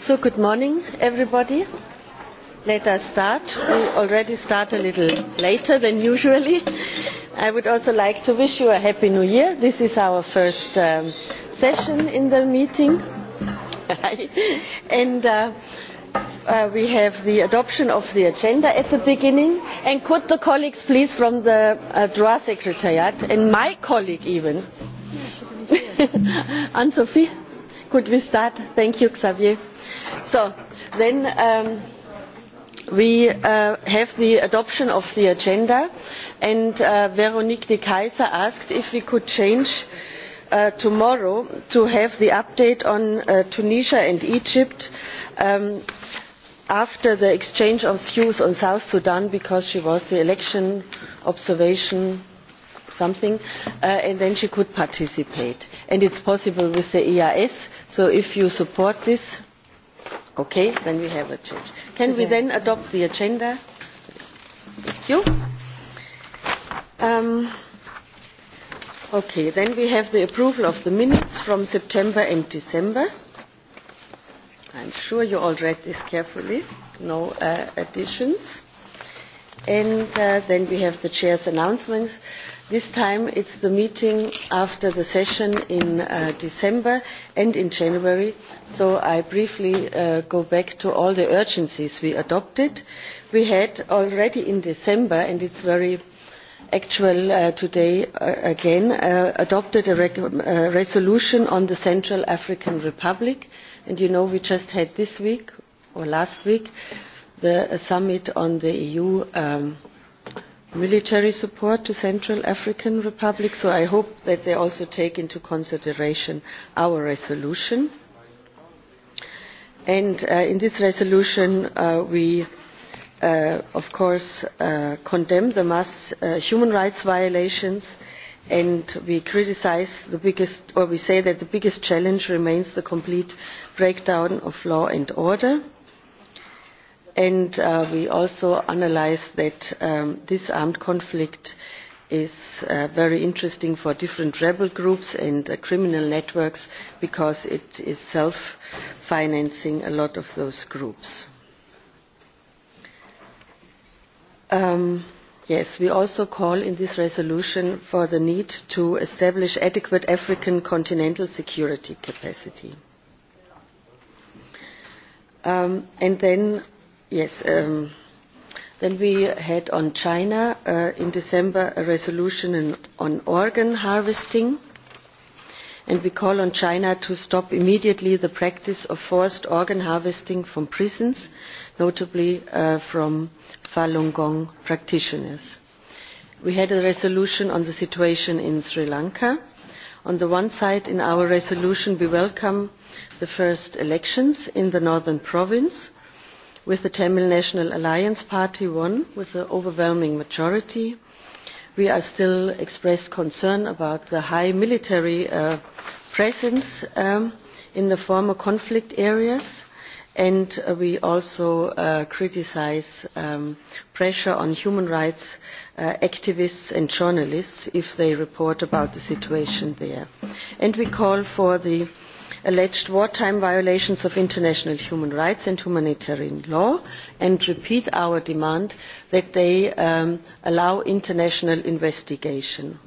So good morning, everybody. Let us start. We already start a little later than usually. I would also like to wish you a happy new year. This is our first um, session in the meeting. and uh, uh, we have the adoption of the agenda at the beginning. And could the colleagues please from the uh, DRA Secretariat, and my colleague even, Anne Sophie? Could we start? Thank you, Xavier. So then um, we uh, have the adoption of the agenda, and uh, Veronique de Kaiser asked if we could change uh, tomorrow to have the update on uh, Tunisia and Egypt um, after the exchange of views on South Sudan because she was the election observation something, uh, and then she could participate and it is possible with the eeas so if you support this okay then we have a change. can we then adopt the agenda? thank you. Um, okay then we have the approval of the minutes from september and december. i'm sure you all read this carefully. no uh, additions. and uh, then we have the chair's announcements. Uh, this time it is the meeting after the session in uh, december and in january so i briefly uh, go back to all the urgencies we adopted. we had already in december and it is very actual uh, today uh, again uh, adopted a re uh, resolution on the central african republic and you know we just had this week or last week the summit on the eu um, military support to Central African Republic, so I hope that they also take into consideration our resolution. And uh, in this resolution, uh, we, uh, of course, uh, condemn the mass uh, human rights violations and we criticise the biggest, or we say that the biggest challenge remains the complete breakdown of law and order and uh, we also analyzed that um, this armed conflict is uh, very interesting for different rebel groups and uh, criminal networks because it is self-financing a lot of those groups. Um, yes, we also call in this resolution for the need to establish adequate African continental security capacity. Um, and then Yes. Um, then we had on China uh, in December a resolution in, on organ harvesting. And we call on China to stop immediately the practice of forced organ harvesting from prisons, notably uh, from Falun Gong practitioners. We had a resolution on the situation in Sri Lanka. On the one side, in our resolution, we welcome the first elections in the northern province with the Tamil National Alliance Party won with an overwhelming majority. We are still expressed concern about the high military uh, presence um, in the former conflict areas and uh, we also uh, criticize um, pressure on human rights uh, activists and journalists if they report about the situation there. And we call for the alleged wartime violations of international human rights and humanitarian law and repeat our demand that they um, allow international investigation.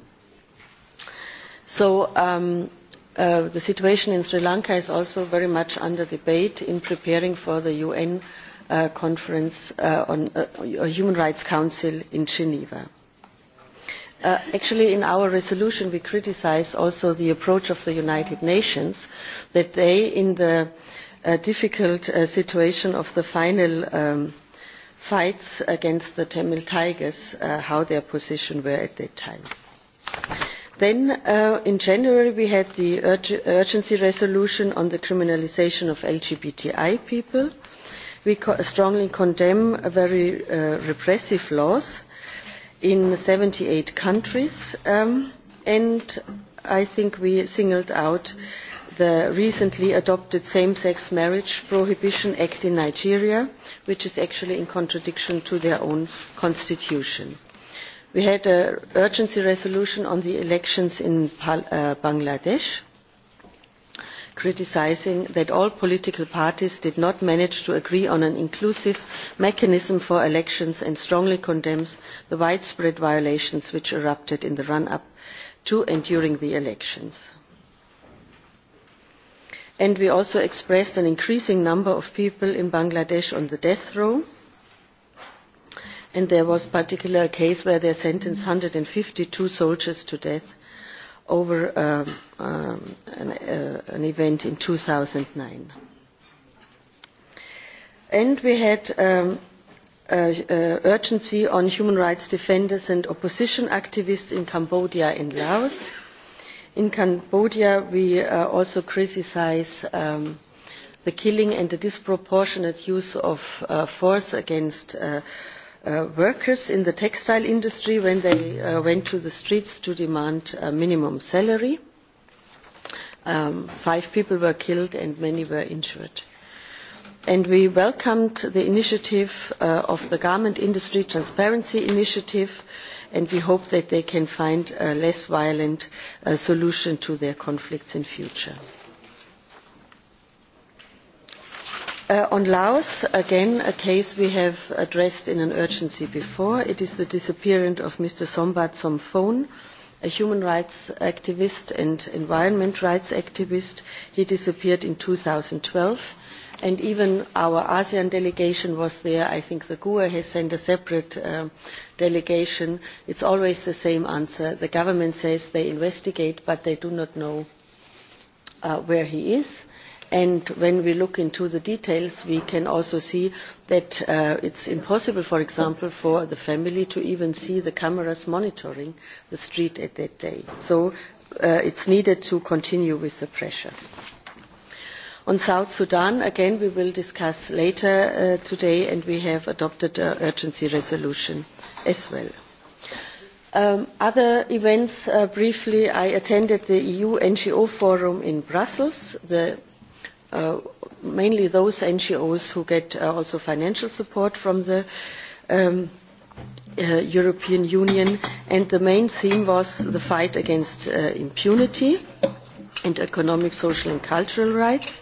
So, um, uh, the situation in Sri Lanka is also very much under debate in preparing for the UN uh, conference uh, on uh, Human Rights Council in Geneva. Uh, actually, in our resolution, we criticize also the approach of the United Nations that they, in the uh, difficult uh, situation of the final um, fights against the Tamil Tigers, uh, how their position were at that time. Then, uh, in January, we had the ur- urgency resolution on the criminalization of LGBTI people. We co- strongly condemn very uh, repressive laws in 78 countries, um, and I think we singled out the recently adopted same-sex marriage prohibition act in Nigeria, which is actually in contradiction to their own constitution. We had an urgency resolution on the elections in Pal uh, Bangladesh, criticising that all political parties did not manage to agree on an inclusive mechanism for elections and strongly condemns the widespread violations which erupted in the run up to and during the elections. And we also expressed an increasing number of people in Bangladesh on the death row and there was a particular case where they sentenced one hundred and fifty two soldiers to death over um, um, an, uh, an event in 2009. And we had um, uh, uh, urgency on human rights defenders and opposition activists in Cambodia and Laos. In Cambodia, we uh, also criticize um, the killing and the disproportionate use of uh, force against uh, uh, workers in the textile industry when they uh, went to the streets to demand a minimum salary. Um, five people were killed and many were injured. And we welcomed the initiative uh, of the Garment Industry Transparency Initiative and we hope that they can find a less violent uh, solution to their conflicts in future. Uh, on Laos, again, a case we have addressed in an urgency before. It is the disappearance of Mr. Sombat Somphone, a human rights activist and environment rights activist. He disappeared in 2012 and even our ASEAN delegation was there. I think the GUA has sent a separate uh, delegation. It's always the same answer. The government says they investigate, but they do not know uh, where he is and when we look into the details we can also see that uh, it's impossible for example for the family to even see the cameras monitoring the street at that day so uh, it's needed to continue with the pressure on south sudan again we will discuss later uh, today and we have adopted an urgency resolution as well um, other events uh, briefly i attended the eu ngo forum in brussels the uh, mainly those NGOs who get uh, also financial support from the um, uh, European Union. And the main theme was the fight against uh, impunity and economic, social and cultural rights.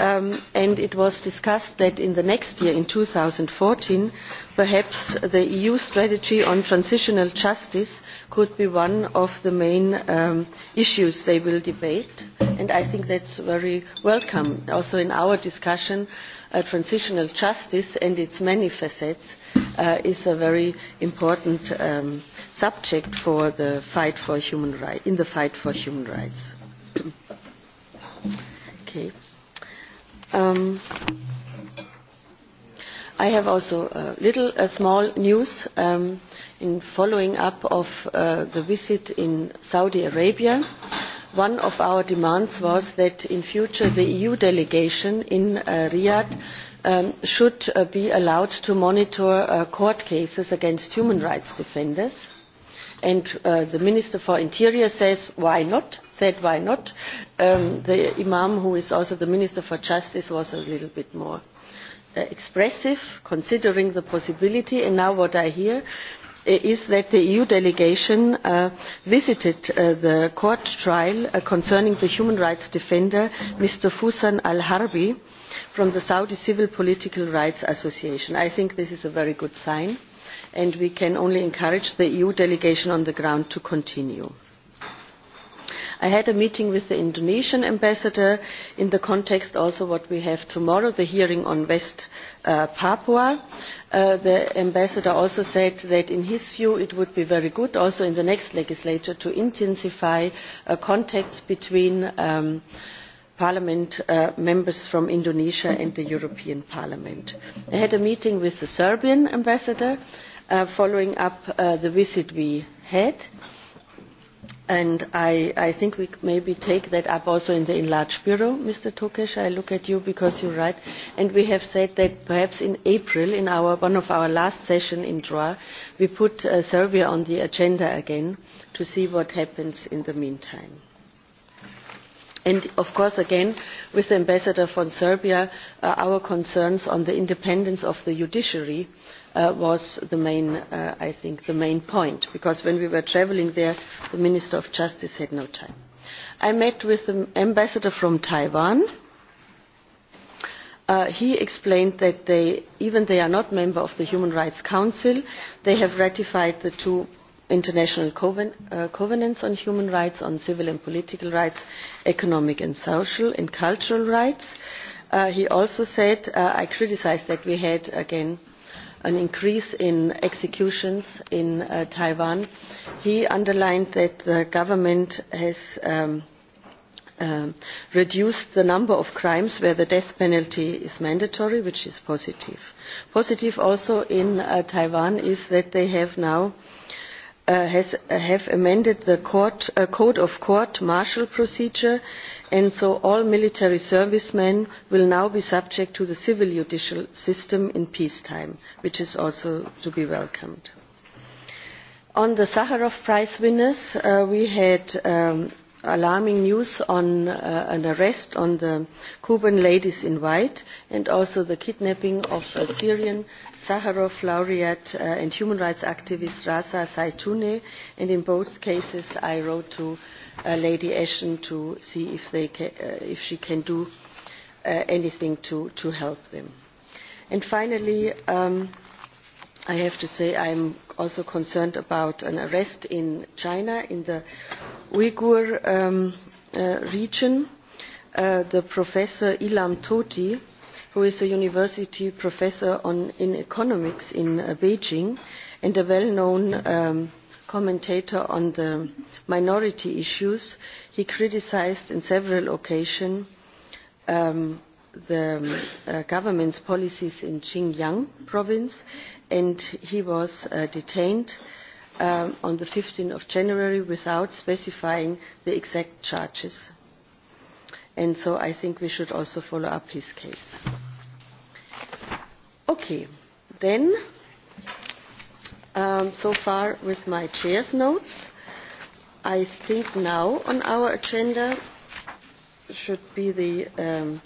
Um, and it was discussed that in the next year, in 2014, perhaps the EU strategy on transitional justice could be one of the main um, issues they will debate. Uh, and I think that's very welcome. Also in our discussion, uh, transitional justice and its many facets uh, is a very important um, subject for the fight for human rights, in the fight for human rights. okay. Um, I have also a little a small news um, in following up of uh, the visit in Saudi Arabia. Uh, one of our demands was that in future the eu delegation in uh, riyadh um, should uh, be allowed to monitor uh, court cases against human rights defenders and uh, the minister for interior says why not said why not um, the imam who is also the minister for justice was a little bit more uh, expressive considering the possibility and now what i hear is Uh, is that the eu delegation uh, visited uh, the court trial concerning the human rights defender mr fusan al harbi from the saudi civil political rights association. i think this is a very good sign and we can only encourage the eu delegation on the ground to continue. i had a meeting with the indonesian ambassador in the context also of what we have tomorrow the hearing on west papua. Uh, the ambassador also said that in his view it would be very good also in the next legislature to intensify uh, contacts between um, parliament uh, members from indonesia and the european parliament. i had a meeting with the serbian ambassador uh, following up uh, the visit we had and And I, I think we maybe take that up also in the enlarged bureau, Mr. Tokesh. I look at you because you're right. And we have said that perhaps in April, in our, one of our last session in Droit, we put uh, Serbia on the agenda again to see what happens in the meantime and of course again with the ambassador from serbia uh, our concerns on the independence of the judiciary uh, was the main uh, i think the main point because when we were travelling there the minister of justice had no time i met with the ambassador from taiwan uh, he explained that they, even they are not member of the Human Rights Council, they have ratified the two international coven uh, covenants on human rights, on civil and political rights, economic and social and cultural rights. Uh, he also said, uh, I criticized that we had, again, an increase in executions in uh, Taiwan. He underlined that the government has um, uh, reduced the number of crimes where the death penalty is mandatory, which is positive. Positive also in uh, Taiwan is that they have now uh, Uh, has, uh, have amended the court, uh, code of court martial procedure and so all military servicemen will now be subject to the civil judicial system in peacetime which is also to be welcomed. on the sakharov prize winners uh, we had um, alarming news on uh, an arrest on the cuban ladies in white and also the kidnapping of a syrian Sakharov laureate uh, and human rights activist Rasa Saitune, and in both cases I wrote to uh, Lady Ashton to see if, they ca- uh, if she can do uh, anything to, to help them. And finally, um, I have to say I'm also concerned about an arrest in China in the Uyghur um, uh, region. Uh, the professor Ilam Toti, who is a university professor on, in economics in uh, Beijing and a well-known um, commentator on the minority issues. He criticized in several occasions um, the um, uh, government's policies in Xinjiang province and he was uh, detained um, on the 15th of January without specifying the exact charges. And so I think we should also follow up his case. Okay, then, um, so far with my chair's notes, I think now on our agenda should be the um,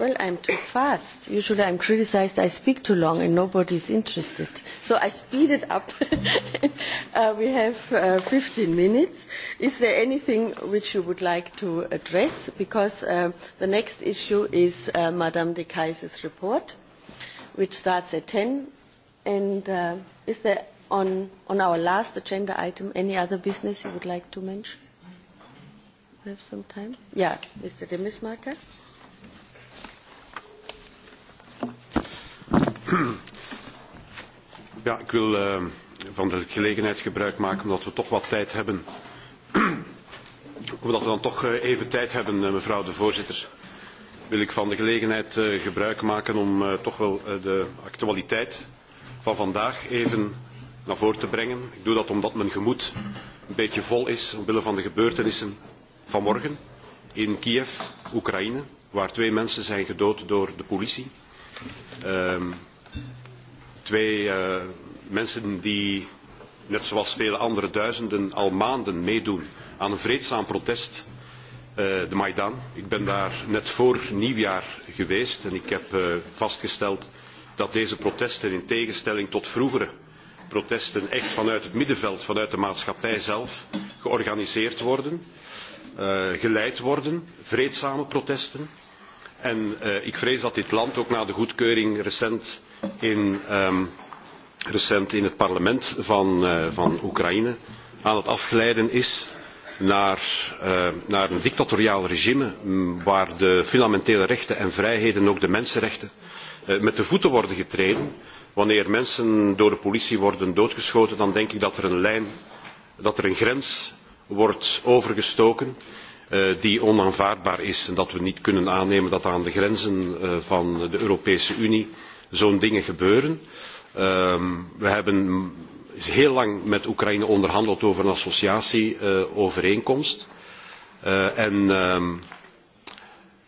Well, I'm too fast. Usually I'm criticized, I speak too long and nobody's interested. So I speed it up. uh, we have uh, 15 minutes. Is there anything which you would like to address? Because uh, the next issue is uh, Madame de Kaiser's report, which starts at 10. And uh, is there on, on our last agenda item any other business you would like to mention? We have some time. Yeah, Mr. Demismarker. Marker. Ja, ik wil uh, van de gelegenheid gebruik maken omdat we toch wat tijd hebben. omdat we dan toch uh, even tijd hebben, uh, mevrouw de voorzitter, wil ik van de gelegenheid uh, gebruik maken om uh, toch wel uh, de actualiteit van vandaag even naar voren te brengen. Ik doe dat omdat mijn gemoed een beetje vol is omwille van de gebeurtenissen van morgen in Kiev, Oekraïne, waar twee mensen zijn gedood door de politie. Um, Twee uh, mensen die, net zoals vele andere duizenden, al maanden meedoen aan een vreedzaam protest, uh, de Maidan. Ik ben daar net voor nieuwjaar geweest en ik heb uh, vastgesteld dat deze protesten in tegenstelling tot vroegere protesten echt vanuit het middenveld, vanuit de maatschappij zelf, georganiseerd worden, uh, geleid worden, vreedzame protesten. En uh, ik vrees dat dit land ook na de goedkeuring recent in, um, recent in het parlement van, uh, van Oekraïne aan het afglijden is naar, uh, naar een dictatoriaal regime mm, waar de fundamentele rechten en vrijheden, ook de mensenrechten, uh, met de voeten worden getreden. Wanneer mensen door de politie worden doodgeschoten, dan denk ik dat er een lijn, dat er een grens wordt overgestoken die onaanvaardbaar is en dat we niet kunnen aannemen dat aan de grenzen van de Europese Unie zo'n dingen gebeuren. Um, we hebben heel lang met Oekraïne onderhandeld over een associatieovereenkomst. Eh, uh, eh, uh, en um,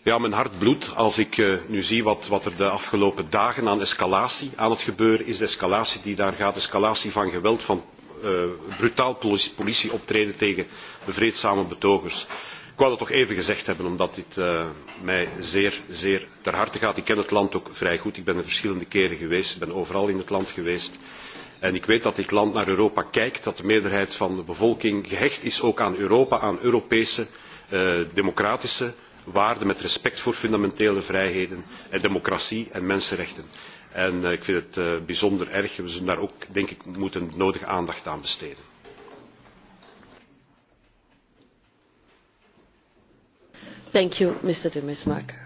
ja, mijn hart bloedt als ik uh, nu zie wat, wat er de afgelopen dagen aan escalatie aan het gebeuren is. De escalatie die daar gaat, escalatie van geweld, van uh, brutaal politieoptreden tegen vreedzame betogers. Ik wou dat toch even gezegd hebben, omdat dit uh, mij zeer, zeer ter harte gaat. Ik ken het land ook vrij goed. Ik ben er verschillende keren geweest. Ik ben overal in het land geweest. En ik weet dat dit land naar Europa kijkt, dat de meerderheid van de bevolking gehecht is ook aan Europa, aan Europese uh, democratische waarden met respect voor fundamentele vrijheden en democratie en mensenrechten. En uh, ik vind het uh, bijzonder erg. We zullen daar ook, denk ik, moeten nodige aandacht aan besteden. Thank you, Mr. de Mismarker.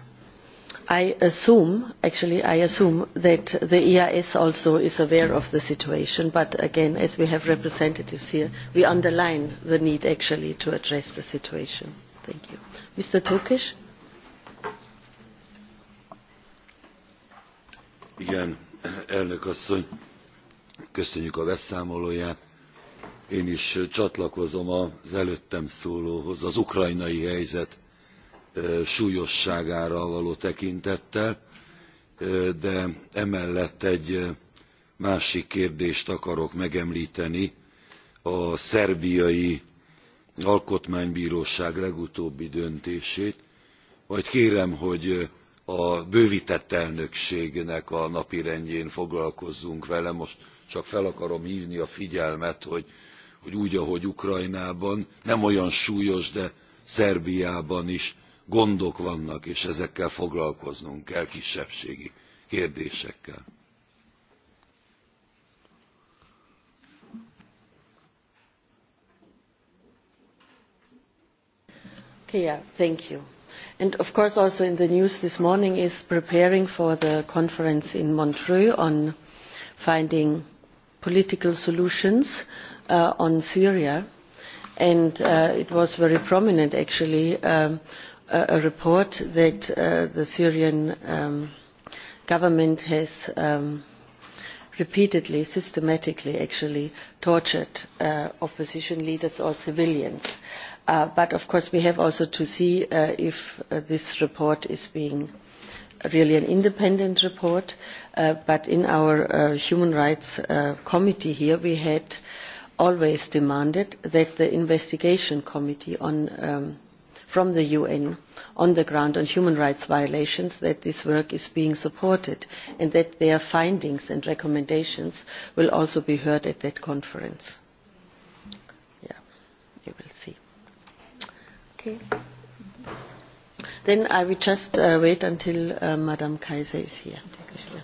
I assume, actually, I assume that the EIS also is aware of the situation, but again, as we have representatives here, we underline the need actually to address the situation. Thank you. Mr. Tokish? Igen, elnök asszony, köszönjük a beszámolóját. Én is csatlakozom az előttem szólóhoz, az ukrajnai helyzet súlyosságára való tekintettel de emellett egy másik kérdést akarok megemlteni a szerbiai alkotmánybróság legutóbbi döntését majd kérem hogy a bővtett elnökségnek a napirendjén foglalkozzunk vele most csak fel akarom hvni a figyelmet hogy, hogy úgy ahogy ukrajnában nem olyan súlyos de szerbiában is gondok vannak, és ezekkel foglalkoznunk kell kisebbségi kérdésekkel. Okay, yeah, thank you. And of course also in the news this morning is preparing for the conference in Montreux on finding political solutions uh, on Syria. And uh, it was very prominent actually um, uh, uh, a report that uh, the Syrian um, government has um, repeatedly, systematically actually tortured uh, opposition leaders or civilians. Uh, but of course we have also to see uh, if uh, this report is being really an independent report. Uh, but in our uh, human rights uh, committee here we had always demanded that the investigation committee on um, from the un on the ground on human rights violations that this work is being supported and that their findings and recommendations will also be heard at that conference. Yeah, you will see. Okay. Then I will just uh, wait until uh, Madame Kaiser is here. Okay.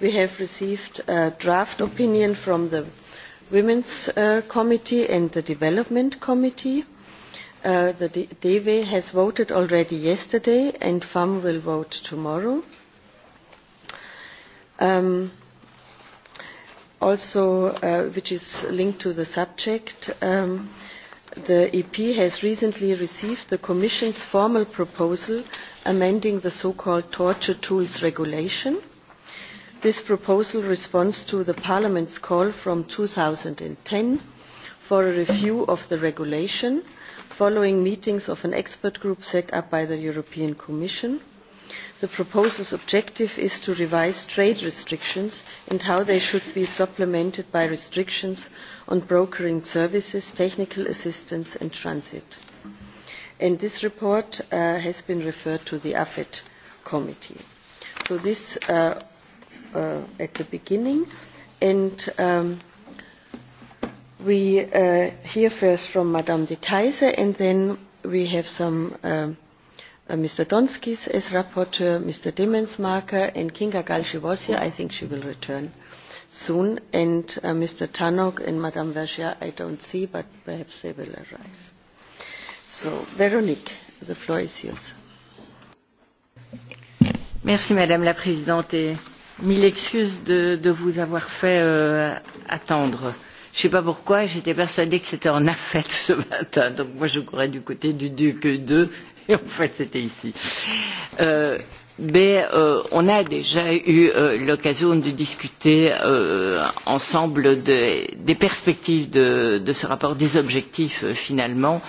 we have received a draft opinion from the Women's uh, Committee and the Development Committee. Uh, the DEWE has voted already yesterday and FAM will vote tomorrow. Um, also, uh, which is linked to the subject, um, the EP has recently received the Commission's formal proposal amending the so-called torture tools regulation this proposal responds to parliament's call from two thousand and ten for a review of the regulation following meetings of an expert group set up by the european commission. the proposal's objective is to revise trade restrictions and how they should be supplemented by restrictions on brokering services technical assistance and transit. And this report uh, has been referred to the afet committee. so this uh, uh, at the beginning. And um, we uh, hear first from Madame de Kaiser, and then we have some um, uh, Mr. Donskis as rapporteur, Mr. Demensmarker, and Kinga Gal. She was here. I think she will return soon. And uh, Mr. Tanok and Madame Vergia, I don't see, but perhaps they will arrive. So, Veronique, the floor is yours. Merci, Madame la Présidente. Et mille excuses de, de vous avoir fait euh, attendre. Je ne sais pas pourquoi, j'étais persuadée que c'était en affaire ce matin, donc moi je courais du côté du Duc 2 et en fait c'était ici. Euh, mais euh, on a déjà eu euh, l'occasion de discuter euh, ensemble de, des perspectives de, de ce rapport, des objectifs euh, finalement,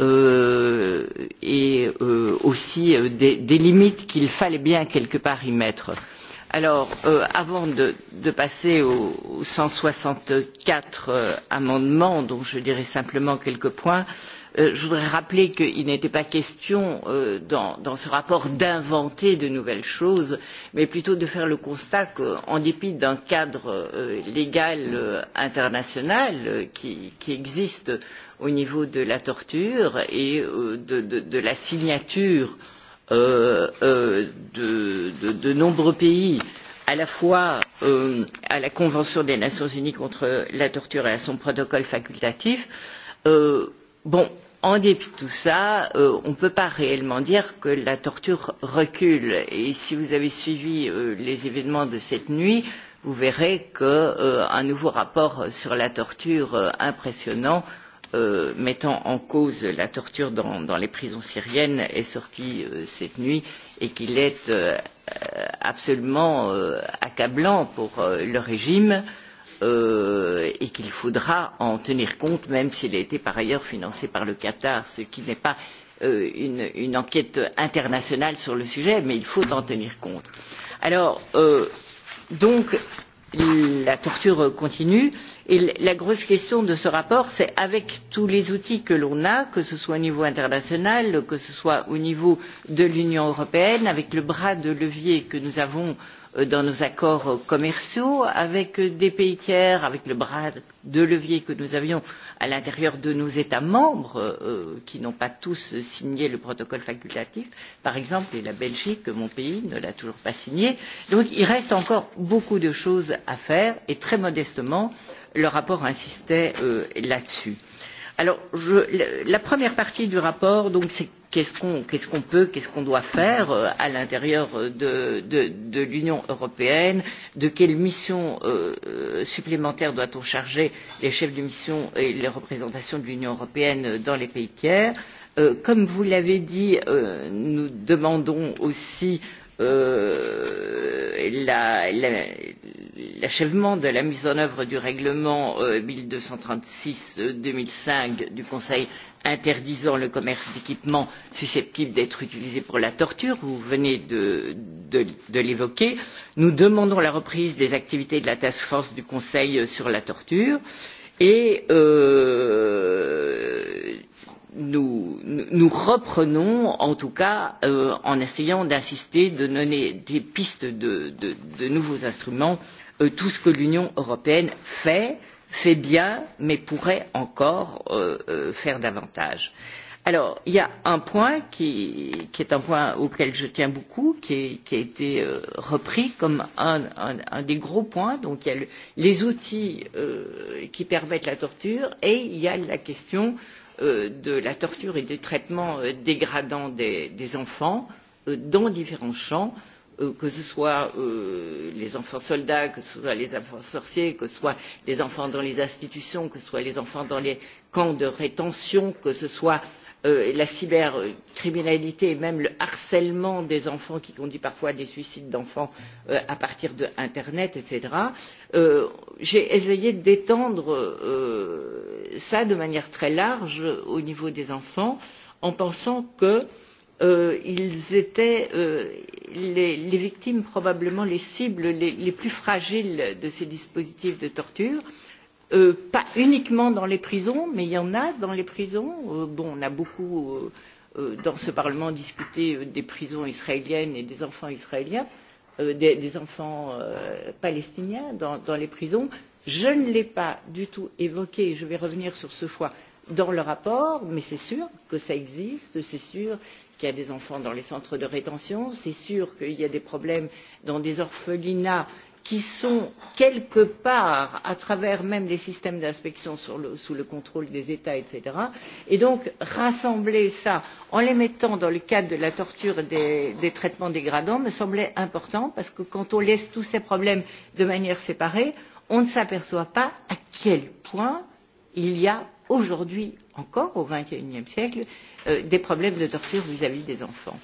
euh, et euh, aussi euh, des, des limites qu'il fallait bien quelque part y mettre. Euh, Alors, euh, avant de, de passer aux cent soixante quatre euh, amendements dont je dirai simplement quelques points euh, je voudrais rappeler qu'il n'était pas question euh, dans, dans ce rapport d'inventer de nouvelles choses mais plutôt de faire le constat qu'en dépit d'un cadre euh, légal euh, international qui, qui existe au niveau de la torture et de, de, de la signature euh, euh, euh, de, de, de nombreux pays à la fois euh, à la Convention des Nations Unies contre la torture et à son protocole facultatif, euh, bon, en dépit de tout cela euh, on ne peut pas réellement dire que la torture recule et si vous avez suivi euh, les événements de cette nuit vous verrez qu'un euh, nouveau rapport sur la torture euh, impressionnant euh, mettant en cause la torture dans, dans les prisons syriennes est sorti euh, cette nuit et qu'il est euh, euh, absolument euh, accablant pour euh, le régime euh, et qu'il faudra en tenir compte même s'il a été par ailleurs financé par le Qatar, ce qui n'est pas euh, une, une enquête internationale sur le sujet, mais il faut en tenir compte. Alors, euh, donc, la torture continue et la grosse question de ce rapport c'est avec tous les outils que l'on a que ce soit au niveau international que ce soit au niveau de l'union européenne avec le bras de levier que nous avons dans nos accords commerciaux avec des pays tiers avec le bras de levier que nous avions à l'intérieur de nos états membres euh, qui n'ont pas tous signé le protocole facultatif par exemple et la belgique mon pays ne l'a toujours pas signé. donc il reste encore beaucoup de choses à faire et très modestement le rapport insistait euh, là dessus. Alors, je, la première partie du rapport c'est qu'est-ce qu'on qu qu peut, qu'est-ce qu'on doit faire euh, à l'intérieur de, de, de l'Union européenne, de quelles missions euh, euh supplémentaires doit-on charger les chefs de mission et les représentations de l'Union européenne dans les pays tiers. Euh, comme vous l'avez dit, euh, nous demandons aussi euh, l'achèvement la, la, de la mise en œuvre du règlement euh, mille deux cent trente six deux mille cinq du conseil interdisant le commerce d'équipements susceptibles d'être utilisés pour la torture vous venez de, de, de l'évoquer nous demandons la reprise des activités de la task force du conseil sur la torture et euh, nous, nous reprenons en tout cas euh, en essayant d'insister de donner des pistes de, de, de nouveaux instruments euh, tout ce que l'union européenne fait euh, fait bien mais pourrait encore euh, euh, faire davantage. alors il y a un point qui, qui est un point auquel je tiens beaucoup qui, est, qui a été euh, repris comme un, un, un des gros points donc il y a le, les outils euh, qui permettent la torture et il y a la question euh, de la torture et des traitements euh, dégradants des, des enfants dans différents champs Euh, que ce soit euh, les enfants soldats, que ce soit les enfants sorciers, que ce soit les enfants dans les institutions, que ce soit les enfants dans les camps de rétention, que ce soit euh, la cybercriminalité et même le harcèlement des enfants qui conduit parfois à des suicides d'enfants euh, à partir d'Internet, etc. Euh, J'ai essayé d'étendre euh, ça de manière très large au niveau des enfants en pensant que euh, euh, ils étaient euh, les, les victimes probablement les cibles les, les plus fragiles de ces dispositifs de torture euh, pas uniquement dans les prisons mais il y en a dans les prisons euh, bon on a beaucoup euh, euh dans ce parlement discuté euh, des prisons israéliennes et des enfants israéliens euh, des, des enfants euh, palestiniens dans, dans les prisons je ne l'ai pas du tout évoqué et je vais revenir sur ce choix dans le rapport mais c'est sûr que ça existe c'est sûr qu'il y a des enfants dans les centres de rétention c'est sûr qu'il y a des problèmes dans des orphelinats qui sont quelque part à travers même les systèmes d'inspection le, sous le contrôle des états etc. et donc rassembler cela en les mettant dans le cadre de la torture et des, des traitements dégradants me semblait important parce que quand on laisse tous ces problèmes de manière séparée on ne s'aperçoit pas à quel point il y a aujourd'hui encore au XXIe siècle euh, des problèmes de torture vis-à-vis -vis des enfants.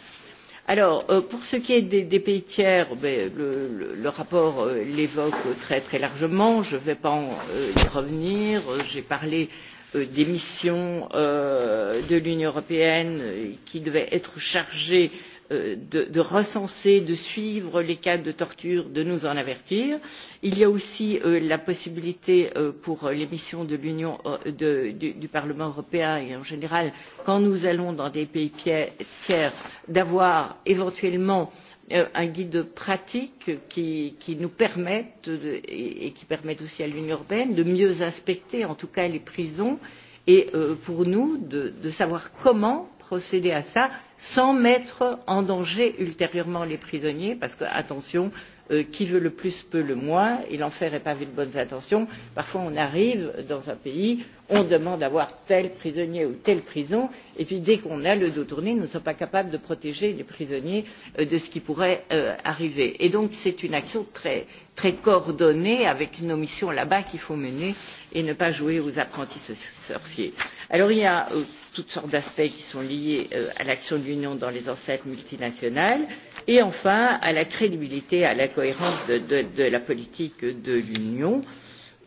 Alors, euh, pour ce qui est des, des pays tiers, ben, le, le, le rapport euh, l'évoque très très largement. Je ne vais pas en, euh, y revenir. J'ai parlé euh, des missions euh, de l'Union européenne euh, qui devaient être chargées euh, de, de recenser de suivre les cas de torture de nous en avertir. il y a aussi euh, la possibilité euh, pour les missions de euh, de, du, du parlement européen et en général quand nous allons dans des pays tiers d'avoir éventuellement euh, un guide pratique qui, qui nous permette et qui permette aussi à l'union européenne de mieux inspecter en tout cas les prisons et euh, pour nous de, de savoir comment procéder à cela sans mettre en danger ultérieurement les prisonniers parce que attention euh, qui veut le plus peut le moins et l'enfer est pavé de bonnes intentions. parfois on arrive dans un pays on demande à voir tel prisonnier ou telle prison et puis dès qu'on a le dos tourné nous ne sommes pas capables de protéger les prisonniers euh, de ce qui pourrait euh, arriver. et donc c'est une action très très coordonnée avec nos missions là bas qu'il faut mener et ne pas jouer aux apprentis sorciers. alors il y a euh, toutes sortes d'aspects qui sont liés euh, à l'action de l'union dans les enceintes multinationales et enfin à la crédibilité et à la cohérence de, de, de la politique de l'union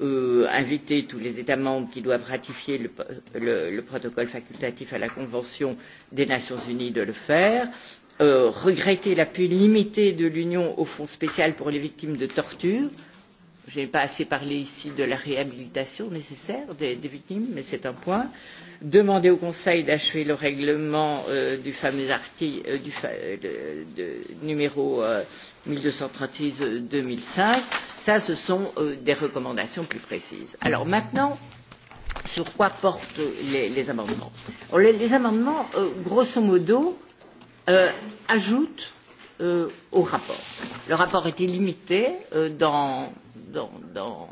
euh, inviter tous les États membres qui doivent ratifier le, le, le protocole facultatif à la Convention des Nations Unies de le faire, euh, regretter l'appui limité de l'Union au Fonds spécial pour les victimes de torture, euh, je n'ai pas assez parlé ici de la réhabilitation nécessaire des, des victimes mais c'est un point demander au conseil d'achever le règlement euh, du fameux article euh, fa euh, de, de, numéro euh, mille deux cent trente six euh, deux mille cinq ça ce sont euh, des recommandations plus précises. alors maintenant sur quoi portent les, les amendements les, les amendements grosso modo ajoutent au rapport. le rapport était limité dans dans, dans,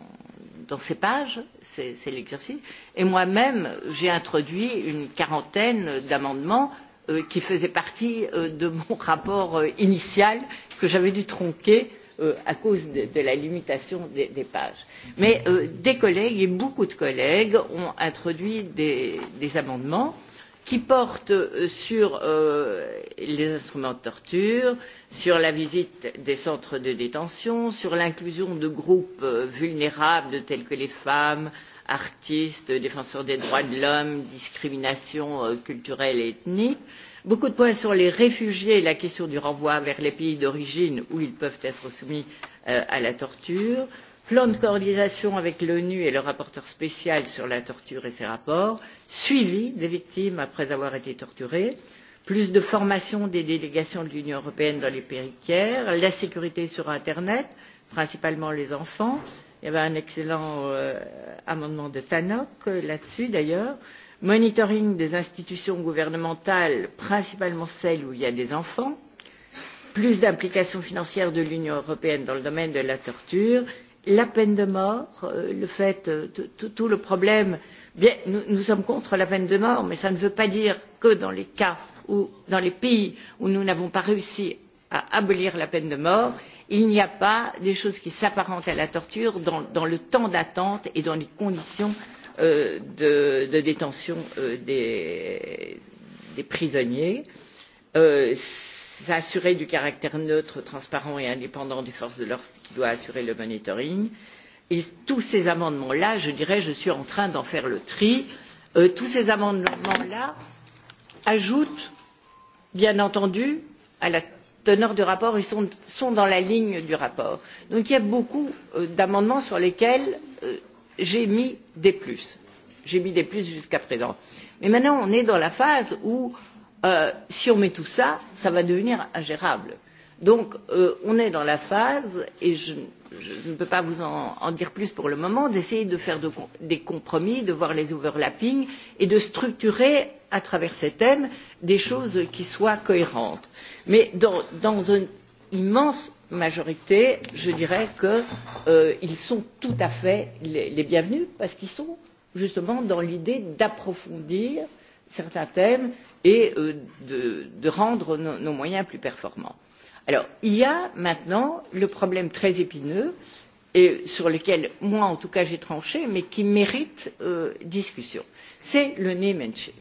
dans ces pages, c'est l'exercice, et moi-même, j'ai introduit une quarantaine d'amendements euh, qui faisaient partie euh, de mon rapport euh, initial que j'avais dû tronquer euh, à cause de, de la limitation des, des pages. Mais euh, des collègues et beaucoup de collègues ont introduit des, des amendements euh, qui porte sur euh, les instruments de torture sur la visite des centres de détention sur l'inclusion de groupes euh, vulnérables tels que les femmes artistes défenseurs des droits de l'homme discrimination euh, culturelle et ethnique beaucoup de points sur les réfugiés et la question du renvoi vers les pays d'origine où ils peuvent être soumis euh, à la torture sur plan de coordination avec l'onu et le rapporteur spécial sur la torture et ses rapports suivi des victimes après avoir été torturées plus de formation des délégations de l'union européenne dans les pays tiers la sécurité sur internet principalement les enfants il y avait un excellent euh, amendement de tannock euh, là dessus d'ailleurs monitoring des institutions gouvernementales principalement celles où il y a des enfants plus d'implication financière de l'union européenne dans le domaine de la torture la peine de mort, euh, le fait, euh, tout le problème, bien, nous, nous sommes contre la peine de mort, mais ça ne veut pas dire que dans les cas où, dans les pays où nous n'avons pas réussi à abolir la peine de mort, il n'y a pas des choses qui s'apparentent à la torture dans, dans le temps d'attente et dans les conditions euh, de, de détention euh, des, des prisonniers. Euh, s'assurer du caractère neutre transparent et indépendant des forces de l'ordre qui doit assurer le monitoring et tous ces amendements là je dirais je suis en train d'en faire le tri euh, tous ces amendements là ajoutent bien entendu à la teneur du rapport et sont, sont dans la ligne du rapport. donc il y a beaucoup euh, d'amendements sur lesquels euh, j'ai mis des plus j'ai mis des plus jusqu'à présent. mais maintenant on est dans la phase où euh, euh, si on met tout ça ça va devenir ingérable. donc euh, on est dans la phase et je, je, je ne peux pas vous en, en dire plus pour le moment d'essayer de faire de, des compromis de voir les overlappings et de structurer à travers ces thèmes des choses qui soient cohérentes. mais dans, dans une immense majorité je dirais qu'ils euh, sont tout à fait les, les bienvenus parce qu'ils sont justement dans l'idée d'approfondir euh, certains thèmes et euh, de, de rendre nos, nos moyens plus performants. Alors, il y a maintenant le problème très épineux et sur lequel moi en tout cas j'ai tranché mais qui mérite euh, discussion c'est le name and shame.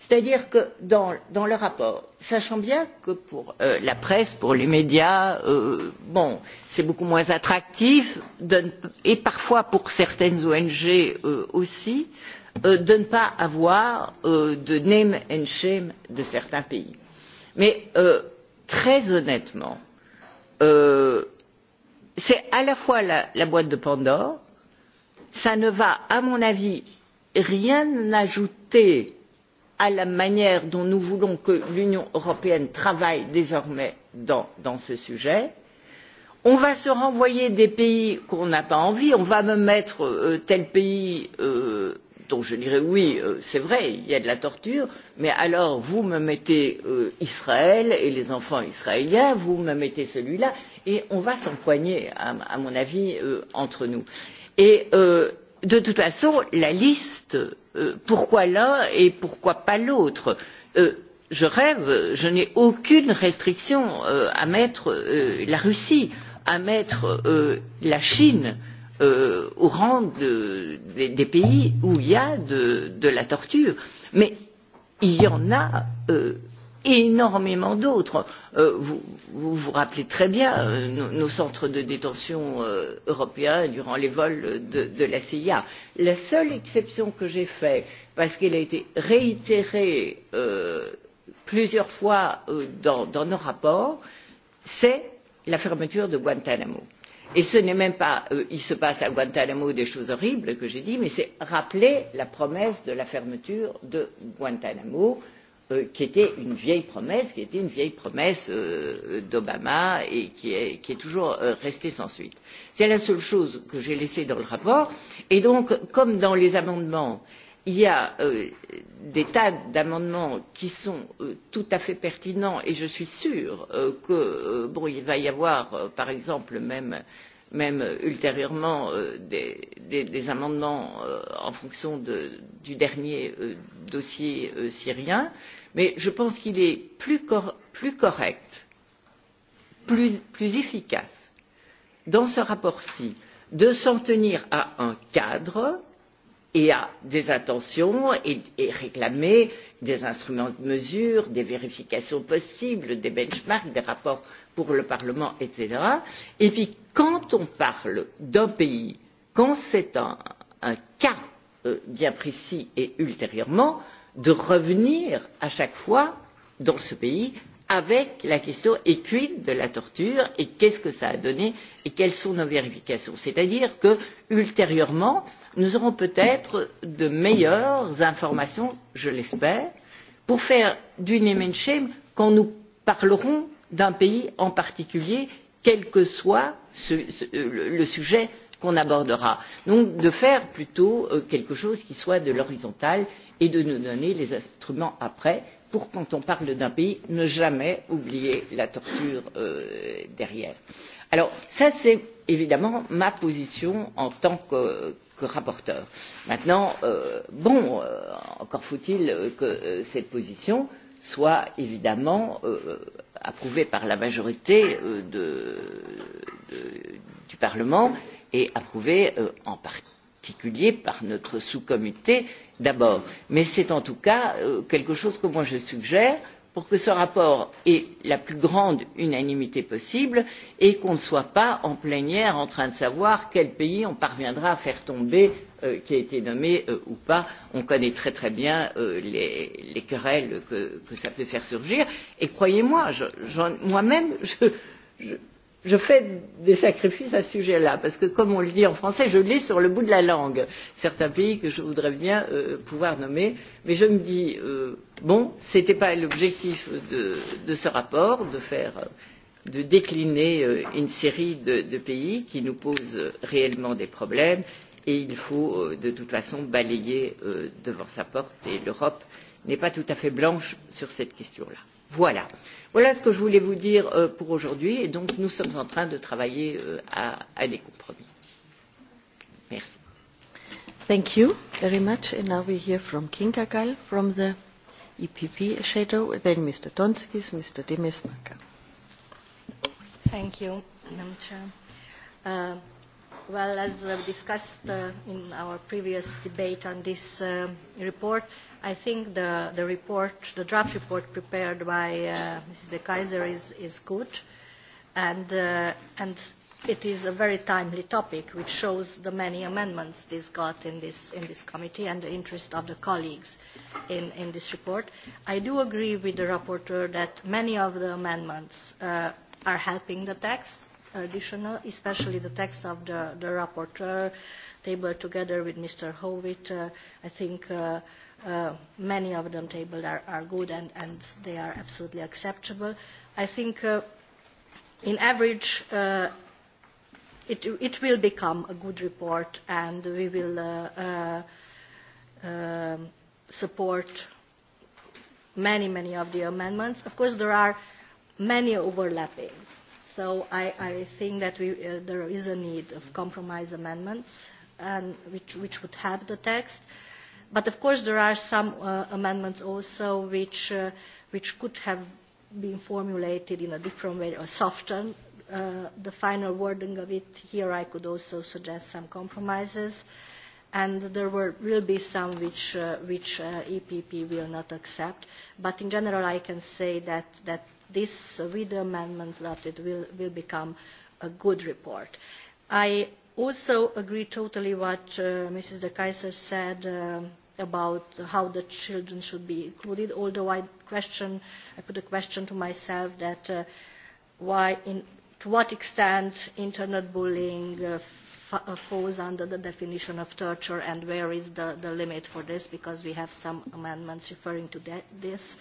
c'est à dire que dans, dans le rapport sachant bien que pour euh, la presse pour les médias euh, bon, c'est beaucoup moins attractif de, et parfois pour certaines ong euh, aussi Euh, de ne pas avoir euh, de name and shame de certains pays. mais euh, très honnêtement c'est à la fois la, la boîte de pandore ça ne va à mon avis rien ajouter à la manière dont nous voulons que l'union européenne travaille désormais dans, dans ce sujet. on va se renvoyer des pays qu'on n'a pas envie on va me mettre euh, tel pays euh, dont je dirais oui euh, c'est vrai il y a de la torture mais alors vous me mettez euh, israël et les enfants israéliens vous me mettez celui là et on va s'empoigner à, à mon avis euh, entre nous. et euh, de toute façon la liste euh, pourquoi l'un et pourquoi pas l'autre? Euh, je rêve je n'ai aucune restriction à mettre la russie à mettre la chine à euh, au rang de, des, des pays où il y a de, de la torture. Mais il y en a euh, énormément d'autres. Euh, vous, vous vous rappelez très bien euh, nos, nos centres de détention euh, européens durant les vols de, de la CIA. La seule exception que j'ai faite, parce qu'elle a été réitérée euh, plusieurs fois euh, dans, dans nos rapports, c'est la fermeture de Guantanamo. Euh, et ce n'est même pas euh, il se passe à Guantanamo des choses horribles que j'ai dit, mais c'est rappeler la promesse de la fermeture de Guantanamo, euh, qui était une vieille promesse, qui était une vieille promesse euh, d'Obama et qui est, qui est toujours euh, restée sans suite. C'est la seule chose que j'ai laissée dans le rapport, et donc, comme dans les amendements, euh, il y a euh, des tas d'amendements qui sont euh, tout à fait pertinents et je suis sûre euh, qu'il euh, bon, va y avoir euh, par exemple même, même ultérieurement euh, des, des, des amendements en fonction de, du dernier dossier syrien mais je pense qu'il est plus, cor plus correct plus, plus efficace dans ce rapport ci de s'en tenir à un cadre et à des attentions et, et réclamer des instruments de mesure, des vérifications possibles, des benchmarks, des rapports pour le Parlement, etc. Et puis, quand on parle d'un pays, quand c'est un, un cas euh, bien précis et ultérieurement, de revenir à chaque fois dans ce pays avec la question et quid de la torture et qu'est-ce que ça a donné et quelles sont nos vérifications. C'est-à-dire que, ultérieurement, euh, nous aurons peut être de meilleures informations je l'espère pour faire du name and shame quand nous parlerons d'un pays en particulier quel que soit ce, ce, le sujet qu'on abordera. donc de faire plutôt euh, quelque chose qui soit de l'horizontal et de nous donner les instruments après pour quand on parle d'un pays ne jamais oublier la torture euh, derrière. alors ça c'est évidemment ma position en tant que, que rapporteur. maintenant euh, bon euh, encore faut il euh, que euh, cette position soit évidemment euh, euh, approuvée par la majorité de, de, du parlement et approuvée en particulier par notre sous comité d'abord mais c'est en tout cas quelque chose que moi je suggère pour que ce rapport ait la plus grande unanimité possible et qu'on ne soit pas en plénière en train de savoir quel pays on parviendra à faire tomber euh, qui a été nommé euh, ou pas. On connaît très très bien euh, les, les querelles que, que ça peut faire surgir et croyez moi, moi même je, je je fais des sacrifices à ce sujet là parce que comme on le dit en français je l'ai sur le bout de la langue certains pays que je voudrais bien euh, pouvoir nommer mais je me dis euh, bon ce n'était pas l'objectif de, de ce rapport de faire euh, de décliner euh, une série de, de pays qui nous posent réellement des problèmes et il faut euh, de toute façon balayer euh, devant sa porte et l'Europe n'est pas tout à fait blanche sur cette question là. Voilà. Euh, voilà ce que je voulais vous dire euh, pour aujourd'hui et donc nous sommes en train de travailler euh, à, à des compromis. merci. thank you very much and now we hear from kinga gal from the epp shadow then mr donskis mr demesmaeker. thank you madam chair. Uh, Well, as uh, discussed uh, in our previous debate on this uh, report, I think the, the report, the draft report prepared by uh, Mrs. De Kaiser is, is good, and, uh, and it is a very timely topic, which shows the many amendments this got in this, in this committee and the interest of the colleagues in, in this report. I do agree with the rapporteur that many of the amendments uh, are helping the text additional, especially the text of the, the rapporteur tabled together with Mr. Howitt. Uh, I think uh, uh, many of them tabled are, are good and, and they are absolutely acceptable. I think uh, in average uh, it, it will become a good report and we will uh, uh, uh, support many, many of the amendments. Of course, there are many overlappings So I, I think that we, uh, there is a need of compromise amendments and which, which would help the text. But of course there are some uh, amendments also which, uh, which could have been formulated in a different way or softened uh, the final wording of it. Here I could also suggest some compromises. And there were, will be some which, uh, which uh, EPP will not accept. But in general, I can say that, that this, uh, with the amendments that it will, will become a good report. I also agree totally what uh, Mrs. De Kaiser said uh, about how the children should be included, although I, question, I put a question to myself that uh, why in, to what extent internet bullying uh, uh falls under the definition of torture and where is the, the limit for this because we have some amendments referring to that, this. Uh,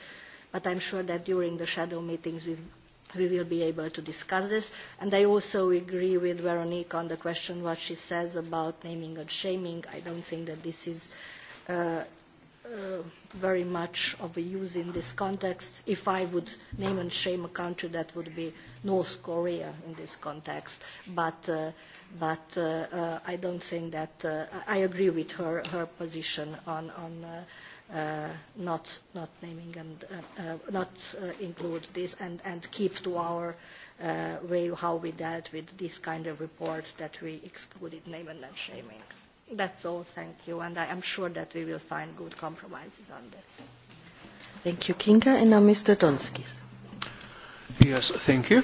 but I'm sure that during the shadow meetings we we will be able to discuss this. And I also agree with Veronique on the question what she says about naming and shaming. I don't think that this is uh, uh, very much of a use in this context. If I would name and shame a country, that would be North Korea in this context. But, uh, but uh, uh, I don't think that uh, I agree with her, her position on, on uh, uh, not not naming and uh, uh, not uh, include this and and keep to our uh, way how we dealt with this kind of report that we excluded name and not shaming. That's all. Thank you, and I am sure that we will find good compromises on this. Thank you, Kinga, and now Mr. Donskis. Yes, thank you.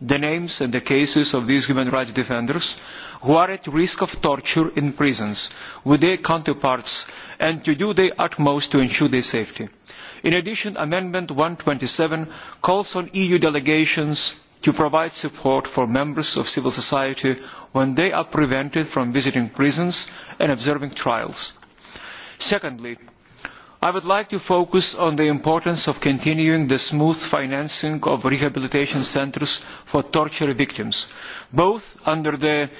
the names and the cases of these human rights defenders who are at risk of torture in prisons with their counterparts and to do their utmost to ensure their safety. In addition, Amendment 127 calls on EU delegations to provide support for members of civil society when they are prevented from visiting prisons and observing trials. Secondly, I would like to focus on the importance of continuing the smooth financing of rehabilitation centres for torture victims, both under the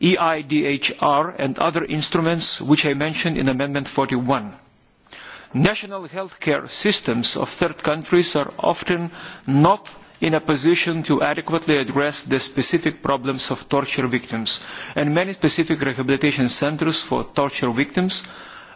EIDHR and other instruments which I mentioned in Amendment 41. National healthcare systems of third countries are often not in a position to adequately address the specific problems of torture victims, and many specific rehabilitation centres for torture victims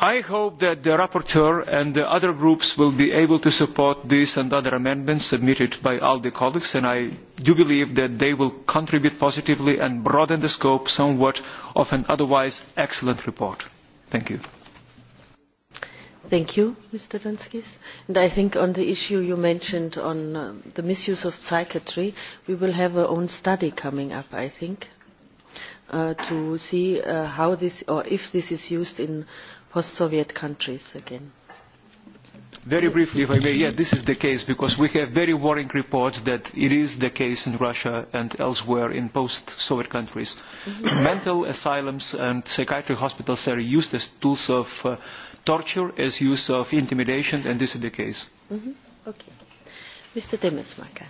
i hope that the rapporteur and the other groups will be able to support these and other amendments submitted by alde colleagues and i do believe that they will contribute positively and broaden the scope somewhat of an otherwise excellent report. thank you. thank you mr donskis and i think on the issue you mentioned on um, the misuse of psychiatry we will have our own study coming up i think uh, to see uh, how this or if this is used in post-Soviet countries again. Very briefly, if I may, yeah, this is the case because we have very worrying reports that it is the case in Russia and elsewhere in post-Soviet countries. Mm-hmm. Mental asylums and psychiatric hospitals are used as tools of uh, torture, as use of intimidation, and this is the case. Mm-hmm. Okay. Mr. Demetsmaker.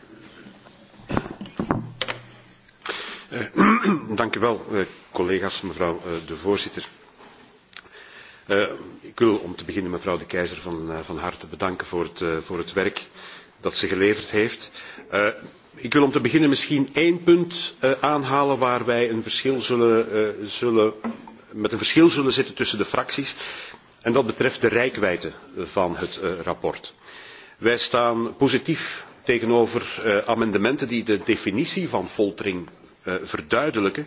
Eh, dank u wel, eh, collega's, mevrouw eh, de voorzitter Uh, ik wil om te beginnen mevrouw de Keizer van, uh, van harte bedanken voor het, uh, voor het werk dat ze geleverd heeft. Uh, ik wil om te beginnen misschien één punt uh, aanhalen waar wij een verschil zullen, uh, zullen, met een verschil zullen zitten tussen de fracties. En dat betreft de reikwijdte van het uh, rapport. Wij staan positief tegenover uh, amendementen die de definitie van foltering uh, verduidelijken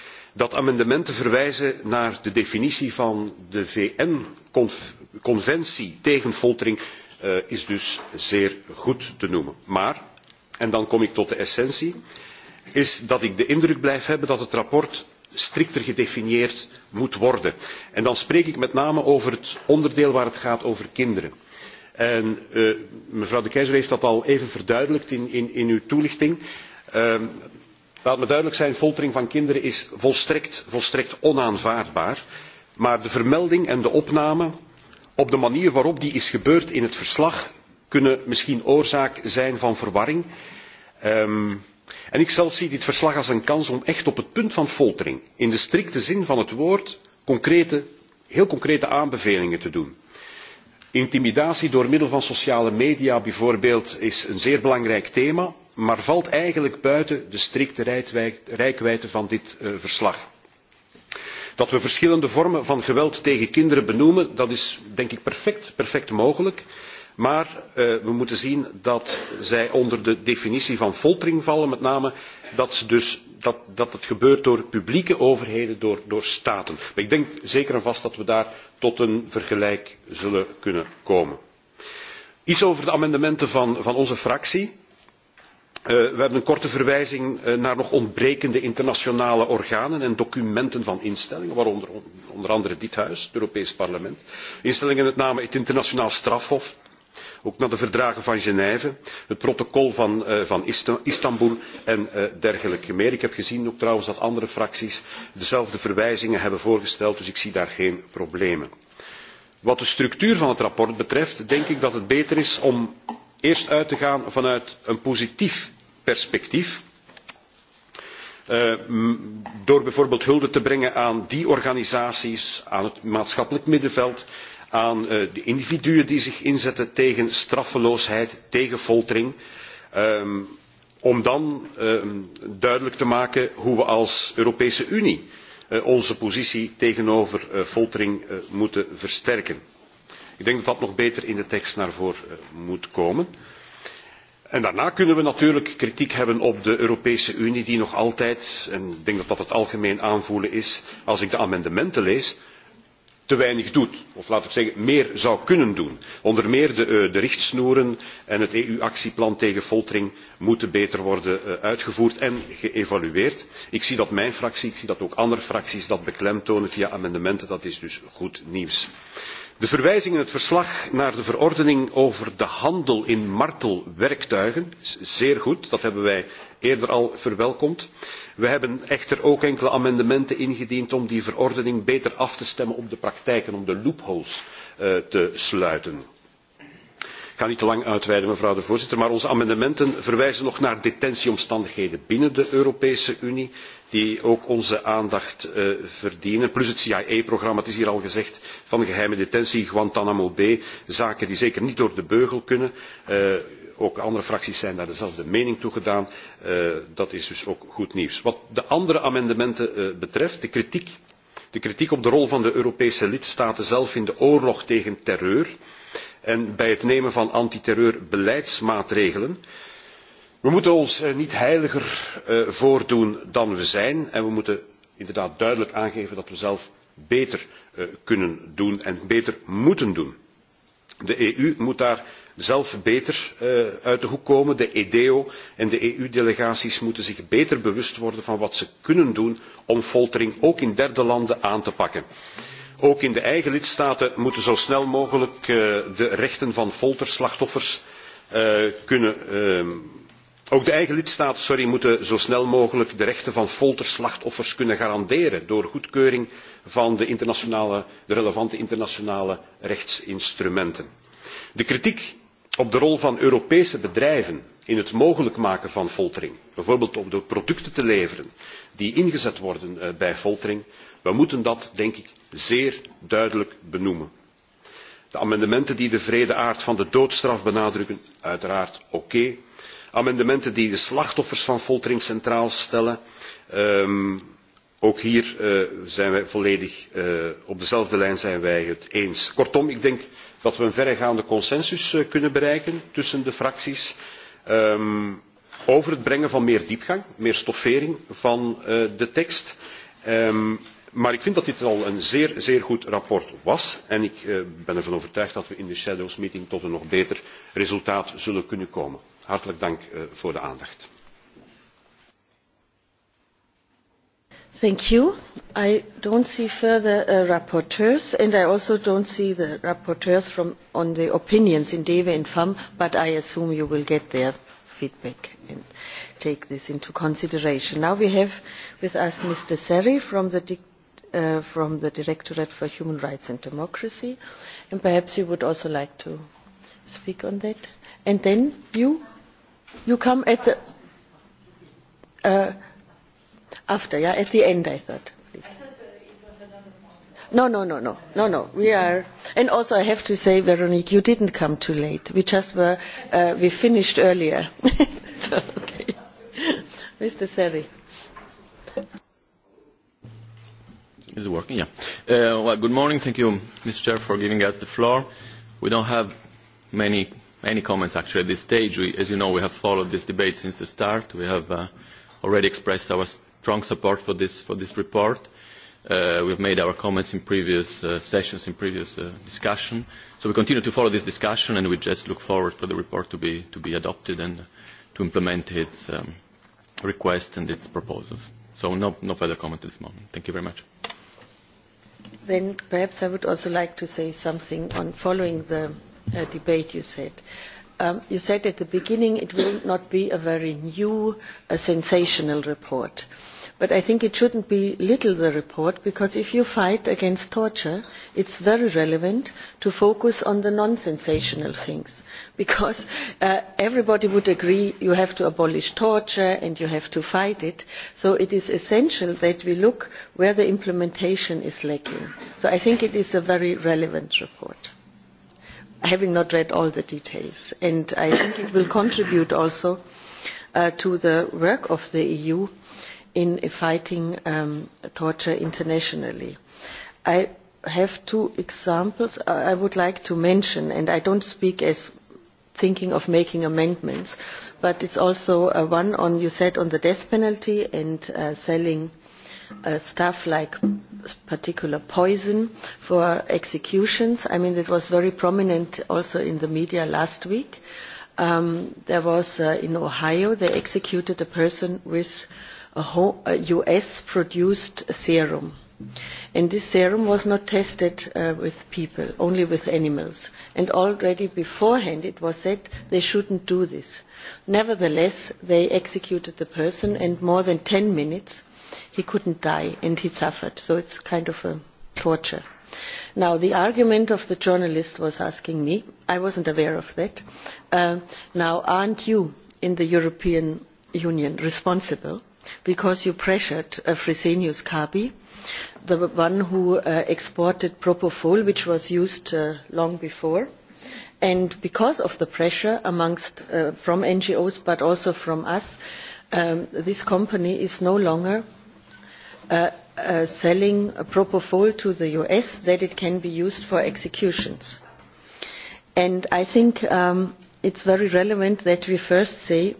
dat amendementen verwijzen naar de definitie van de vn conventie tegen foltering eh, is dus zeer goed te noemen. maar en dan kom ik tot de essentie is dat ik de indruk blijf hebben dat het verslag strikter gedefinieerd moet worden. en dan spreek ik met name over het onderdeel waar het gaat over kinderen. En, uh, mevrouw de keyser heeft dat al even verduidelijkt in, in, in uw toelichting. Uh, laat me duidelijk zijn foltering van kinderen is volstrekt, volstrekt onaanvaardbaar maar de vermelding en de opname op de manier waarop die is gebeurd in het verslag kunnen misschien oorzaak zijn van verwarring. Um, en ikzelf zie dit verslag als een kans om echt op het punt van foltering in de strikte zin van het woord concrete, heel concrete aanbevelingen te doen. Intimidatie door middel van sociale media bijvoorbeeld is een zeer belangrijk thema maar valt eigenlijk buiten de strikte reikwijdte van dit eh, verslag. dat we verschillende vormen van geweld tegen kinderen benoemen dat is denk ik perfect, perfect mogelijk maar eh, we moeten zien dat zij onder de definitie van foltering vallen met name dat, ze dus, dat, dat het gebeurt door publieke overheden door, door staten. Maar ik denk zeker en vast dat we daar tot een vergelijk zullen kunnen komen. iets over de amendementen van, van onze fractie. Eh, we hebben een korte verwijzing eh, naar nog ontbrekende internationale organen en documenten van instellingen waaronder onder andere dit huis het europees parlement instellingen met name het internationaal strafhof ook naar de verdragen van genève het protocol van eh, istanboel en dergelijke meer. ik heb gezien ook trouwens dat andere fracties dezelfde verwijzingen hebben voorgesteld dus ik zie daar geen problemen. wat de structuur van het verslag betreft denk ik dat het beter is om eerst uit te gaan vanuit een positief perspectief eh, door bijvoorbeeld hulde te brengen aan die organisaties aan het maatschappelijk middenveld aan eh, de individuen die zich inzetten tegen straffeloosheid tegen foltering ehm, om dan ehm, duidelijk te maken hoe we als europese unie eh, onze positie tegenover foltering moeten versterken. Ik denk dat dat nog beter in de tekst naar voren eh, moet komen. En daarna kunnen we natuurlijk kritiek hebben op de Europese Unie die nog altijd, en ik denk dat dat het algemeen aanvoelen is, als ik de amendementen lees, te weinig doet of laat ik zeggen meer zou kunnen doen. onder meer de, eh, de richtsnoeren en het eu actieplan tegen foltering moeten beter worden eh, uitgevoerd en geëvalueerd. ik zie dat mijn fractie ik zie dat ook andere fracties dat beklemtonen via amendementen dat is dus goed nieuws de verwijzing in het verslag naar de verordening over de handel in martelwerktuigen is zeer goed dat hebben wij eerder al verwelkomd. wij hebben echter ook enkele amendementen ingediend om die verordening beter af te stemmen op de praktijk en om de loopholes eh, te sluiten. Ik ga niet te lang uitweiden, mevrouw de voorzitter, maar onze amendementen verwijzen nog naar detentieomstandigheden binnen de Europese Unie die ook onze aandacht uh, verdienen. Plus het CIA programma, het is hier al gezegd, van geheime detentie, Guantanamo Bay, zaken die zeker niet door de beugel kunnen. Uh, ook andere fracties zijn daar dezelfde mening toe gedaan. Uh, dat is dus ook goed nieuws. Wat de andere amendementen uh, betreft, de kritiek, de kritiek op de rol van de Europese lidstaten zelf in de oorlog tegen terreur en bij het nemen van antiterreurbeleidsmaatregelen. Uh, we moeten ons eh, niet heiliger eh, voordoen dan we zijn en we moeten inderdaad duidelijk aangeven dat we zelf beter eh, kunnen doen en beter moeten doen. de eu moet daar zelf beter uit de hoek komen. de edeo en de eu delegaties moeten zich beter bewust worden van wat ze kunnen doen om foltering ook in derde landen aan te pakken. ook in de eigen lidstaten moeten zo snel mogelijk de rechten van folterslachtoffers kunnen ehm, ook de eigen lidstaten moeten zo snel mogelijk de rechten van folterslachtoffers kunnen garanderen door goedkeuring van de relevante internationale rechtsinstrumenten. de kritiek op de rol van europese bedrijven in het mogelijk maken van foltering bijvoorbeeld door producten te leveren die ingezet worden eh, bij foltering wij moeten dat denk ik zeer duidelijk benoemen. de amendementen die de wrede aard van de doodstraf benadrukken uiteraard oké amendementen die de slachtoffers van foltering centraal stellen. Um, ook hier uh, zijn wij volledig uh, op dezelfde lijn zijn wij het eens. kortom ik denk dat we een verregaande consensus uh, kunnen bereiken tussen de fracties um, over het brengen van meer diepgang meer stoffering van de tekst. Um, maar ik vind dat dit al een zeer zeer goed verslag was en ik ben ervan overtuigd dat we in de schaduwrapporteurs tot een nog beter resultaat zullen kunnen komen hartelijk dank eh, voor de aandacht. Thank you. I don't see further uh, rapporteurs, and I also don't see the rapporteurs from, on the opinions in DEVE and FAM, but I assume you will get their feedback and take this into consideration. Now we have with us Mr. Seri from the DIC Uh, from the Directorate for Human Rights and Democracy, and perhaps you would also like to speak on that. And then you, You come at the, uh, after, yeah, at the end, I thought. Please. No, no, no, no, no, no. We are, and also I have to say, Veronique, you didn't come too late. We just were, uh, we finished earlier. so, okay. Mr. Seri. Is it working? Yeah. Uh, well, good morning. Thank you, Mr. Chair, for giving us the floor. We don't have many any comments actually at this stage. We, as you know, we have followed this debate since the start. We have uh, already expressed our strong support for this, for this report. Uh, we have made our comments in previous uh, sessions, in previous uh, discussion. So we continue to follow this discussion and we just look forward for the report to be, to be adopted and to implement its um, request and its proposals. So no, no further comment at this moment. Thank you very much. Then perhaps I would also like to say something on following the uh, debate, you said. Um, you said at the beginning it will not be a very new, a uh, sensational report. But I think it shouldn't be little the report because if you fight against torture, it's very relevant to focus on the non-sensational things because uh, everybody would agree you have to abolish torture and you have to fight it. So it is essential that we look where the implementation is lacking. So I think it is a very relevant report having not read all the details. And I think it will contribute also uh, to the work of the EU in fighting um, torture internationally. I have two examples uh, I would like to mention, and I don't speak as thinking of making amendments, but it's also uh, one on, you said, on the death penalty and uh, selling uh, stuff like particular poison for executions. I mean, it was very prominent also in the media last week. Um, there was uh, in Ohio, they executed a person with a, ho- a US produced serum. And this serum was not tested uh, with people, only with animals. And already beforehand it was said they shouldn't do this. Nevertheless, they executed the person and more than 10 minutes he couldn't die and he suffered. So it's kind of a torture. Now, the argument of the journalist was asking me, I wasn't aware of that. Uh, now, aren't you in the European Union responsible because you pressured uh, Fresenius Kabi, the one who uh, exported propofol, which was used uh, long before, and because of the pressure amongst, uh, from NGOs but also from us, um, this company is no longer uh, uh, selling propofol to the us that it can be used for executions. and i think um, it is very relevant that we first say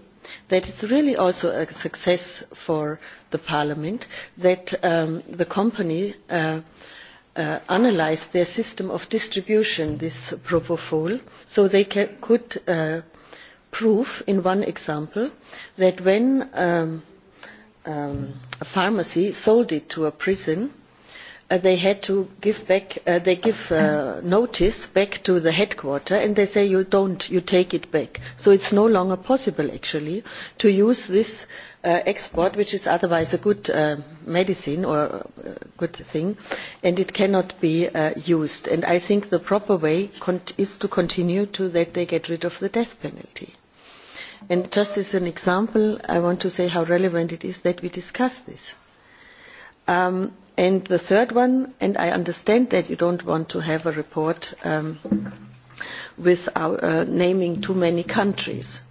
that it is really also a success for parliament that um, the company uh, uh, analysed their system of distribution this propofol so they could uh, prove in one example that when um, um, a pharmacy, sold it to a prison, uh, they had to give back, uh, they give uh, notice back to the headquarter and they say you don't, you take it back. So it's no longer possible actually to use this uh, export, which is otherwise a good uh, medicine or a uh, good thing, and it cannot be uh, used. And I think the proper way con- is to continue to that they get rid of the death penalty And just as an example, I want to say how relevant it is that we discuss this. Um, and the third one, and I understand that you don't want to have a report um, with our, uh, naming too many countries.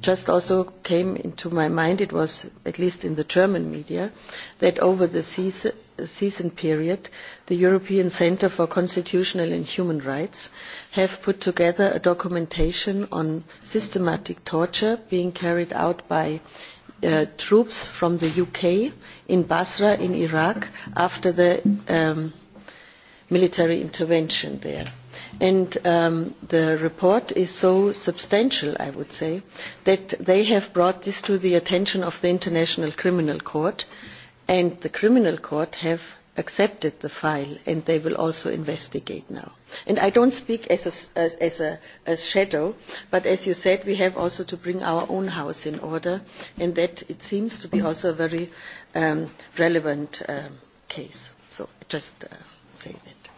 Just also came into my mind, it was at least in the German media, that over the season, season period, the European Centre for Constitutional and Human Rights have put together a documentation on systematic torture being carried out by uh, troops from the UK in Basra in Iraq after the um, military intervention there. And um, the report is so substantial, I would say, that they have brought this to the attention of the International Criminal Court. Mm-hmm and the criminal court have accepted the file and they will also investigate now. And I don't speak as a, as, as a as shadow, but as you said, we have also to bring our own house in order, and that it seems to be also a very um, relevant um, case. So just uh, say that.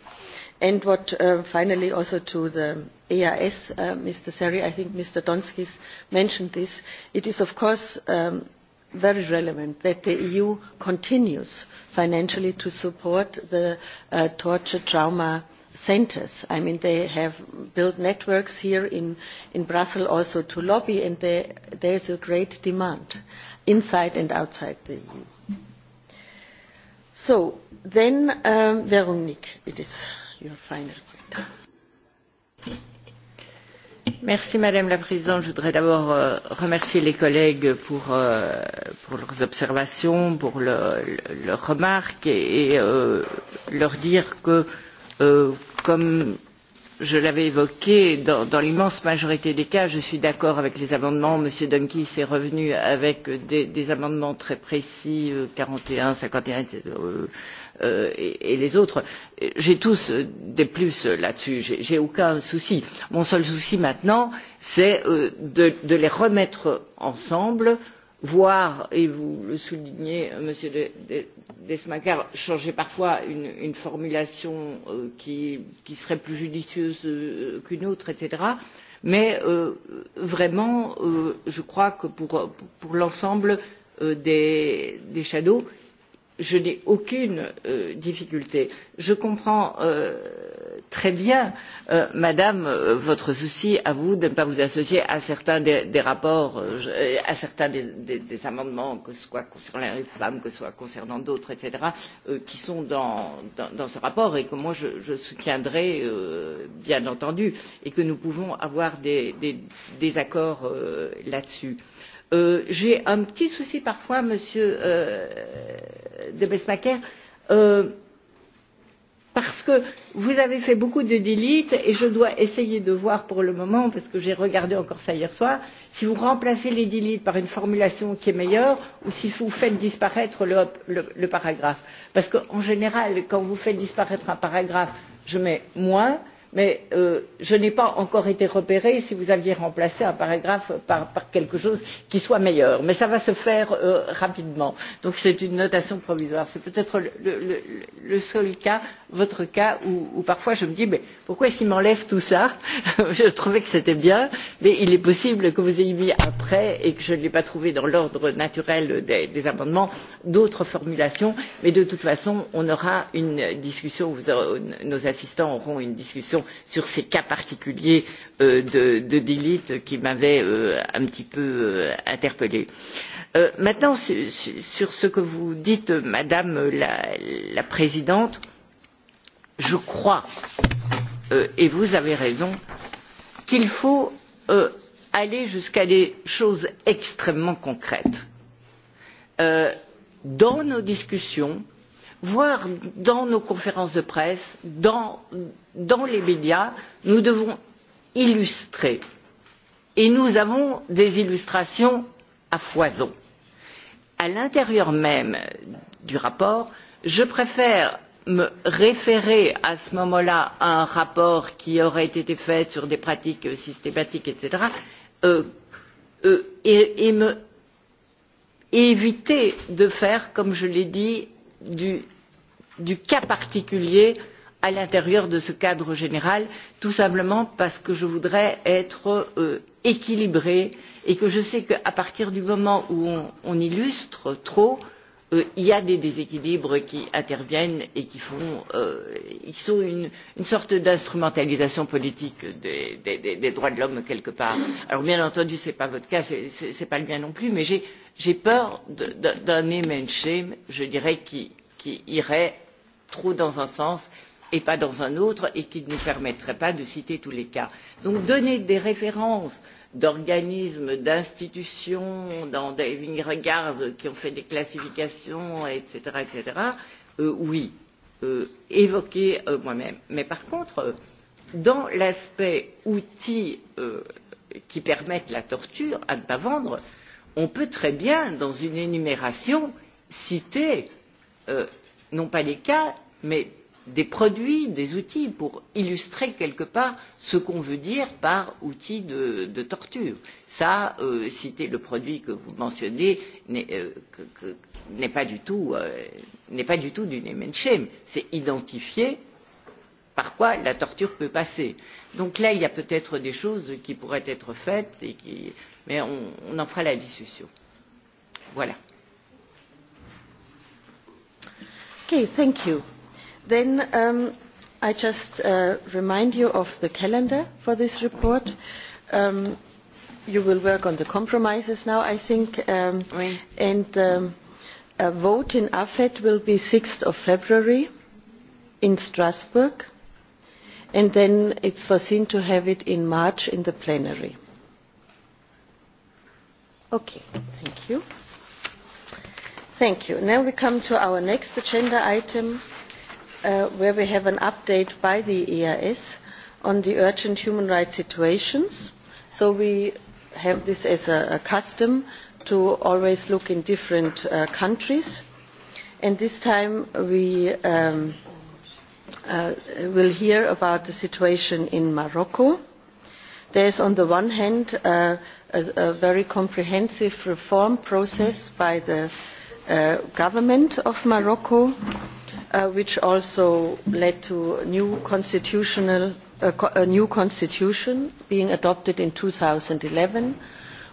And what uh, finally also to the EIS, uh, Mr. Seri, I think Mr. Donskis mentioned this, it is of course um, very relevant that the EU continues financially to support the uh, torture trauma centers. I mean, they have built networks here in, in Brussels also to lobby, and they, there is a great demand inside and outside the EU. So then, um, Veronique, it is your final point. Merci, madame la présidente je voudrais d'abord euh, remercier les collègues pour, euh, pour leurs observations pour le, le, leurs remarques et, et euh, leur dire que euh, comme je l'avais évoqué dans, dans l'immense majorité des cas je suis d'accord avec les amendements m. donskis est revenu avec des, des amendements très précis euh, quarante et un cinquante et un et euh, euh, les autres j'ai tous des plus là dessus j'ai aucun souci. mon seul souci maintenant c'est de, de les remettre ensemble pour voir et vous le soulignez euh, monsieur demesmaeker changer parfois une, une formulation euh, qui, qui serait plus judicieuse euh, qu'une autre etc. mais euh, vraiment euh, je crois que pour, pour l'ensemble euh, des, des shadows je n'ai aucune euh, difficulté. je comprends euh, très bien euh, madame euh, votre souci à vous de ne pas vous associer à certains des, des rapports euh, euh, à certains des, des, des amendements que ce soit concernant les femmes que ce soit concernant d'autres etc. qui sont dans, dans, dans ce rapport et que moi je, je soutiendrai bien entendu et que nous pouvons avoir des accords là dessus. Euh, j'ai un petit souci parfois monsieur euh, de besmaquer euh, parce que vous avez fait beaucoup de delete et je dois essayer de voir pour le moment parce que j'ai regardé encore ça hier soir si vous remplacez les delete par une formulation qui est meilleure ou si vous faites disparaître le, le, le paragraphe parce qu'en général quand vous faites disparaître un paragraphe je mets moins mais euh, je n'ai pas encore été repérée si vous aviez remplacé un paragraphe par, par quelque chose qui soit meilleur mais ça va se faire euh, rapidement donc c'est une notation provisoire. c'est peut être le, le, le seul cas votre cas où, où parfois je me dis mais pourquoi est ce qu'il m'enlève tout ça je trouvais que c'était bien mais il est possible que vous ayez mis après et que je n'ai pas trouvé dans l'ordre naturel des, des amendements d'autres formulations mais de toute façon on aura une discussion vous aurez, nos assistants auront une discussion commission sur ces cas particuliers euh, de, de delete qui m'avaient euh, un petit peu euh, interpellée. Euh, maintenant su, su, sur ce que vous dites madame la, la présidente je crois euh, et vous avez raison qu'il faut euh, aller jusqu'à des choses extrêmement concrètes. dans nos discussions voire dans nos conférences de presse dans, dans les médias nous devons illustrer et nous avons des illustrations à foison. à l'intérieur même du rapport je préfère me référer à ce moment là à un rapport qui aurait été fait sur des pratiques systématiques etc. Euh, euh, et, et me, éviter de faire comme je l'ai dit du, du cas particulier à l'intérieur de ce cadre général tout simplement parce que je voudrais être euh, équilibrée et que je sais qu'à partir du moment où on, on illustre trop euh, Euh, il y a des déséquilibres qui interviennent et qui font euh, qui sont une, une sorte d'instrumentalisation politique des, des, des droits de l'homme quelque part. Alors bien entendu, ce n'est pas votre cas, ce n'est pas le mien non plus, mais j'ai peur d'un aim and shame, je dirais, qui, qui irait trop dans un sens et pas dans un autre et qui ne nous permettrait pas de citer tous les cas. Donc donner des références euh, d'organismes d'institutions dans David Regards qui ont fait des classifications etc etc euh, oui euh, évoqué euh, moi-même mais par contre euh, dans l'aspect outils euh, qui permettent la torture à ne pas vendre on peut très bien dans une énumération citer euh, non pas les cas mais des produits, des outils pour illustrer quelque part ce qu'on veut dire par outil de, de torture. Ça, euh, citer le produit que vous mentionnez n'est euh, que, que, pas du tout euh, n'est pas du tout du name and shame. C'est identifier par quoi la torture peut passer. Donc là, il y a peut-être des choses qui pourraient être faites, et qui... mais on, on en fera la discussion. Voilà. Okay, thank you. Then um, I just uh, remind you of the calendar for this report. Um, you will work on the compromises now, I think. Um, oui. And um, a vote in AFET will be 6th of February in Strasbourg. And then it's foreseen to have it in March in the plenary. Okay, thank you. Thank you. Now we come to our next agenda item uh, where we have an update by the EIS on the urgent human rights situations. So we have this as a, a custom to always look in different uh, countries. And this time we um, uh, will hear about the situation in Morocco. There is on the one hand uh, a, a very comprehensive reform process by the uh, government of Morocco uh, which also led to a new, constitutional, uh, co a new constitution being adopted in 2011.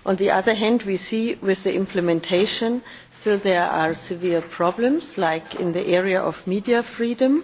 On the other hand, we see with the implementation still there are severe problems, like in the area of media freedom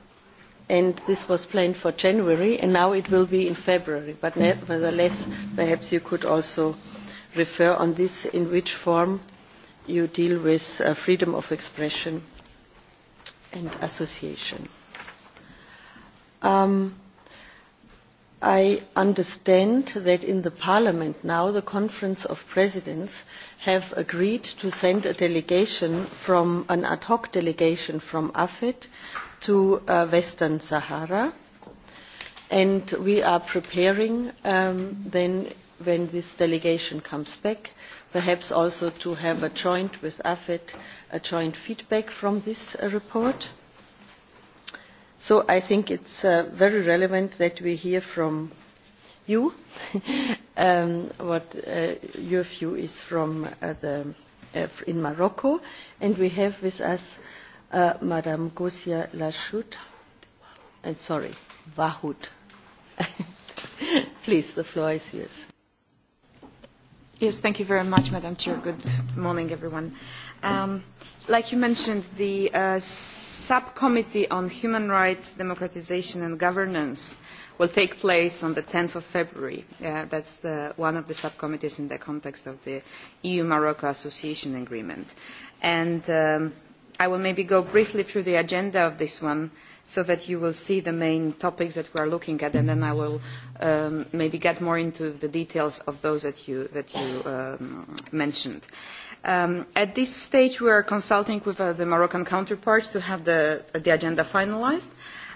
and this was planned for January, and now it will be in February. But nevertheless, perhaps you could also refer on this, in which form you deal with uh, freedom of expression and association. Um, i understand that in parliament now the conference of presidents has agreed to send a delegation from, an ad hoc delegation from afet to uh, western sahara and we are preparing um, then when this delegation comes back perhaps also to have a joint with afet a joint feedback from this uh, report so i think it is uh, very relevant that we hear from you um, what uh, your view is from uh, the, uh, in morocco and we have with us uh, madame gosia lachoud and uh, sorry wahoud please the floor is yours yes thank you very much madam chair good morning everyone um, like you mentioned the uh, subcommittee on human rights democratisation and governance will take place on ten february uh, that is one of the subcommittees in the context of the eu morocco association agreement and um, i will maybe go briefly through the agenda of this one so that you will see the main topics that we are looking at and then i will um, maybe get more into the details of those that you, that you um, mentioned. Uh, Um, at this stage, we are consulting with uh, the Moroccan counterparts to have the, the agenda finalized.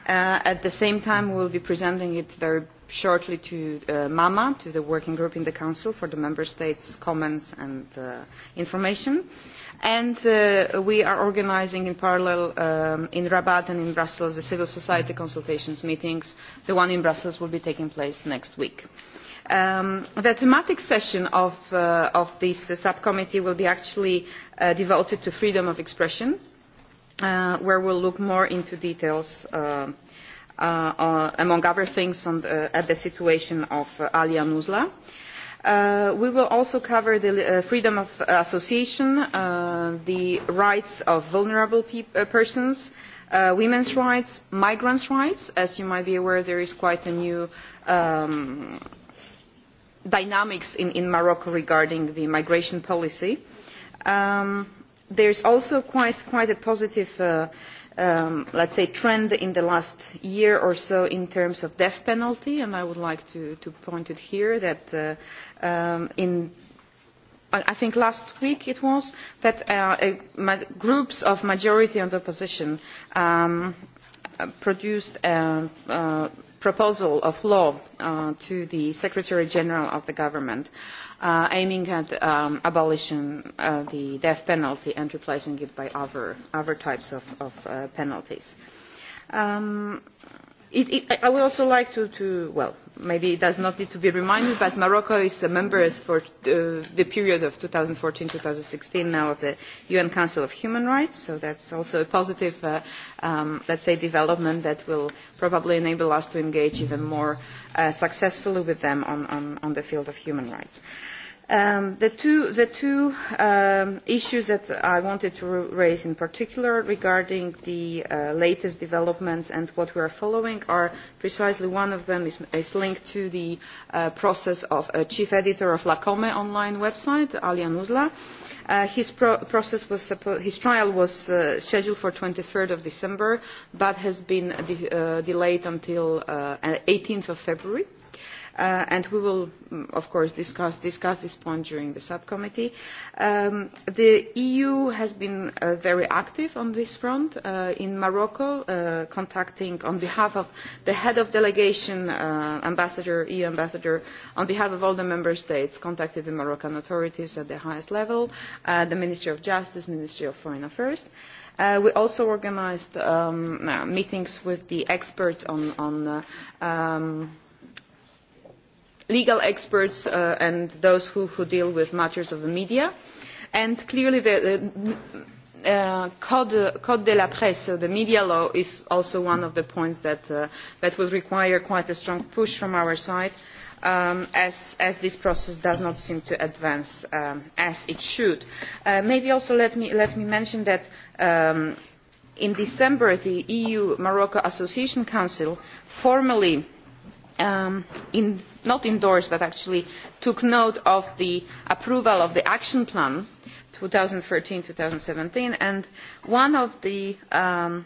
Uh, at the same time, we will be presenting it very shortly to uh, MAMA, to the working group in the Council for the Member States' comments and uh, information. And uh, we are organizing in parallel um, in Rabat and in Brussels the civil society consultations meetings. The one in Brussels will be taking place next week. Uh, Um, the thematic session of, uh, of this uh, subcommittee will be actually uh, devoted to freedom of expression, uh, where we'll look more into details, uh, uh, uh, among other things, on the, uh, at the situation of uh, Alia Nuzla. Uh, we will also cover the uh, freedom of association, uh, the rights of vulnerable pe uh, persons, uh, women's rights, migrants' rights. As you might be aware, there is quite a new um, dynamics in, in Morocco regarding the migration policy. Um, there's also quite, quite a positive, uh, um, let's say, trend in the last year or so in terms of death penalty, and I would like to, to point it here that uh, um, in I think last week it was, that uh, uh, groups of majority and opposition um, Uh, produced a, a proposal of law uh, to the Secretary General of the government uh, aiming at um, abolishing uh, the death penalty and replacing it by other, other types of, of uh, penalties. Um, It, it, i would also like to, to well maybe it does not need to be reminded but morocco is a member for uh, the period of two thousand and fourteen two thousand and sixteen now of the un council of human rights so that is also a positive uh, um, let us say development that will probably enable us to engage even more uh, successfully with them on, on, on the field of human rights. Um, the two, the two um, issues that I wanted to raise in particular regarding the uh, latest developments and what we are following are precisely one of them is, is linked to the uh, process of a chief editor of Lacome online website, Alia Nuzla. Uh, his, pro process was his trial was uh, scheduled for 23rd of December but has been de uh, delayed until uh, 18th of February uh, and we will mm, of course discuss, discuss this point during the subcommittee. Um, the EU has been uh, very active on this front uh, in Morocco, uh, contacting on behalf of the head of delegation, uh, ambassador, EU ambassador, on behalf of all the member states, contacted the Moroccan authorities at the highest level, uh, the Ministry of Justice, Ministry of Foreign Affairs. Uh, Uh, we also organised um, uh, meetings with the experts on, on uh, um, legal experts uh, and those who, who deal with matters of the media. And clearly the, the uh, Code, Code de la Presse, so the media law, is also one of the points that, uh, that will require quite a strong push from our side, um, as, as this process does not seem to advance um, as it should. Uh, maybe also let me, let me mention that um, in December the EU-Morocco Association Council formally um, in not endorsed but actually took note of the approval of the action plan two thousand and thirteen two thousand and seventeen and one of the um,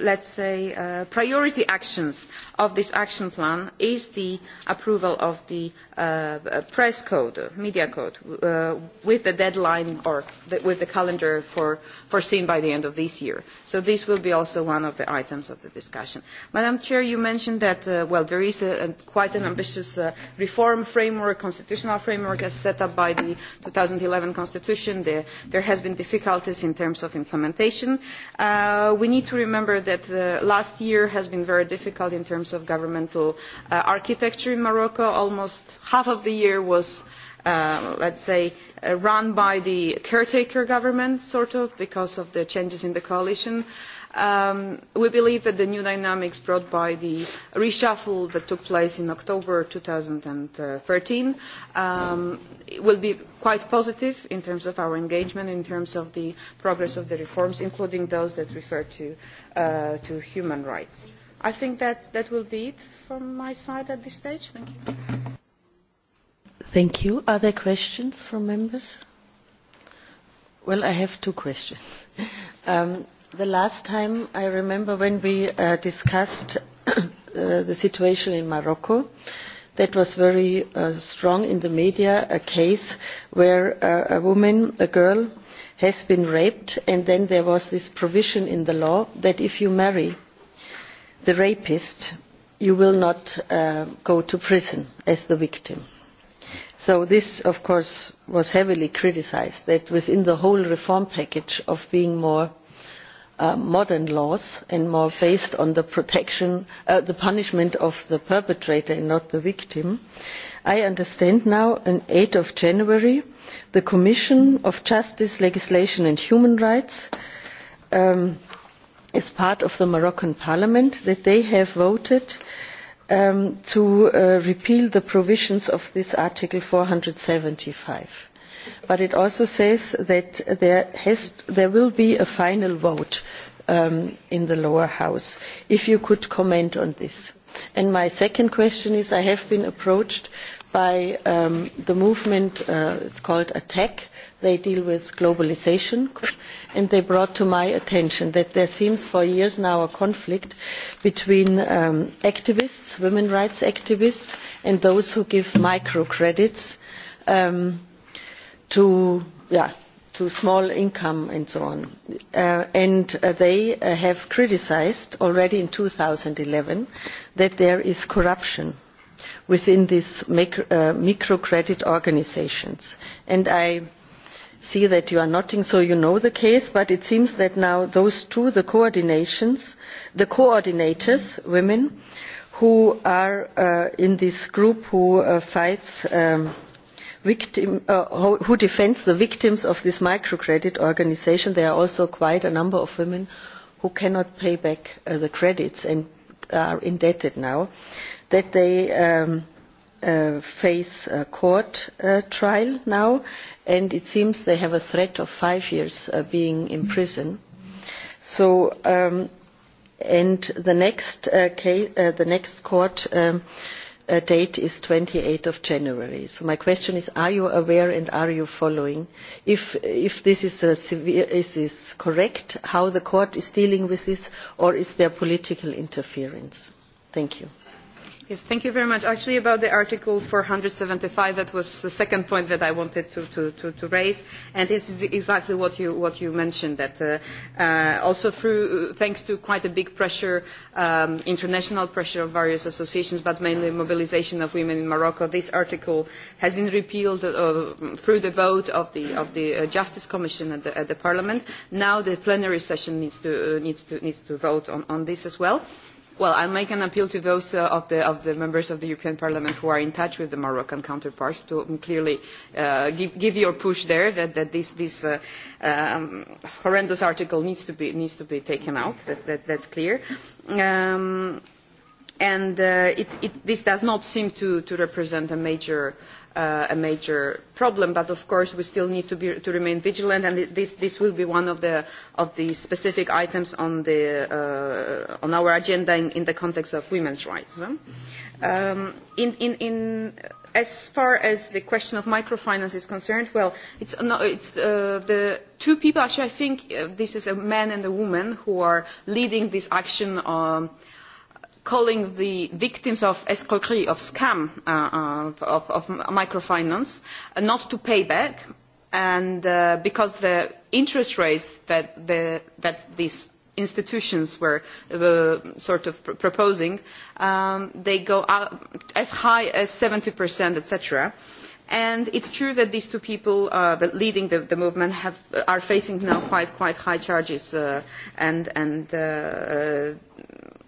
let us say uh, priority actions of this action plan is the approval of the uh, press code media code uh, with the deadline or the, with the calendar for, foreseen by the end of this year. so this will be also one of the items of the discussion. madam chair you mentioned that uh, well, there is a, a, quite an ambitious uh, reform framework constitutional framework as set up by the two thousand and eleven constitution. The, there have been difficulties in terms of implementation. Uh, we need remember that the last year has been very difficult in terms of governmental uh, architecture in Morocco. Almost half of the year was, uh, let's say, uh, run by the caretaker government, sort of, because of the changes in the coalition. Uh, Um, we believe that the new dynamics brought by the reshuffle that took place in October 2013 um, will be quite positive in terms of our engagement, in terms of the progress of the reforms, including those that refer to, uh, to human rights. I think that, that will be it from my side at this stage. Thank you. Thank you. Are there questions from members? Well, I have two questions. Um, The last time I remember when we uh, discussed uh, the situation in Morocco, that was very uh, strong in the media, a case where uh, a woman, a girl, has been raped, and then there was this provision in the law that if you marry the rapist, you will not uh, go to prison as the victim. So this, of course, was heavily criticized, that within the whole reform package of being more uh, modern laws and more based on the protection, uh, the punishment of the perpetrator and not the victim. I understand now, on 8th of January, the Commission of Justice, Legislation and Human Rights um, as part of the Moroccan parliament that they have voted um, to uh, repeal the provisions of this article 475 but it also says that there, has, there will be a final vote um, in the lower house. If you could comment on this. And my second question is, I have been approached by um, the movement, uh, it's called ATTACK, they deal with globalization and they brought to my attention that there seems for years now a conflict between um, activists, women rights activists and those who give microcredits um, to, yeah, to small income and so on. Uh, and uh, they uh, have criticized already in 2011 that there is corruption within these micro, uh, microcredit organizations. And I see that you are nodding, so you know the case, but it seems that now those two, the coordinations, the coordinators, women, who are uh, in this group who uh, fights um, victim, uh, who defends the victims of this microcredit organization. There are also quite a number of women who cannot pay back uh, the credits and are indebted now, that they um, uh, face a court uh, trial now, and it seems they have a threat of five years uh, being in prison. So, um, and the next uh, case, uh, the next court. Um, uh, uh, date is 28th of January. So my question is, are you aware and are you following? If, if this is, a uh, severe, is this correct, how the court is dealing with this, or is there political interference? Thank you. Yes, thank you very much. Actually, about the Article 475, that was the second point that I wanted to, to, to, to raise, and this is exactly what you, what you mentioned, that uh, uh, also through, thanks to quite a big pressure, um, international pressure of various associations, but mainly mobilization of women in Morocco, this article has been repealed uh, through the vote of the, of the uh, Justice Commission at the, at the Parliament. Now the plenary session needs to, uh, needs to, needs to vote on, on this as well. Uh, Well, I'll make an appeal to those uh, of, the, of the members of the European Parliament who are in touch with the Moroccan counterparts to um, clearly uh, give, give your push there that, that this, this uh, um, horrendous article needs to be, needs to be taken out. That, that, that's clear. Um, and uh, it, it, this does not seem to, to represent a major uh, uh, a major problem but of course we still need to, be, to remain vigilant and this, this will be one of the, of the specific items on, the, uh, on our agenda in, in the context of women's rights. Um, in, in, in, as far as the question of microfinance is concerned well it's, no, it's uh, the two people actually i think uh, this is a man and a woman who are leading this action on um, calling the victims of escroquerie of scam uh, uh of, of microfinance uh, not to pay back and uh, because the interest rates that, the, that these institutions were uh, sort of pr proposing, um, they go up as high as 70%, etc. And it's true that these two people uh, the leading the, the movement have, uh, are facing now quite, quite high charges uh, and, and uh,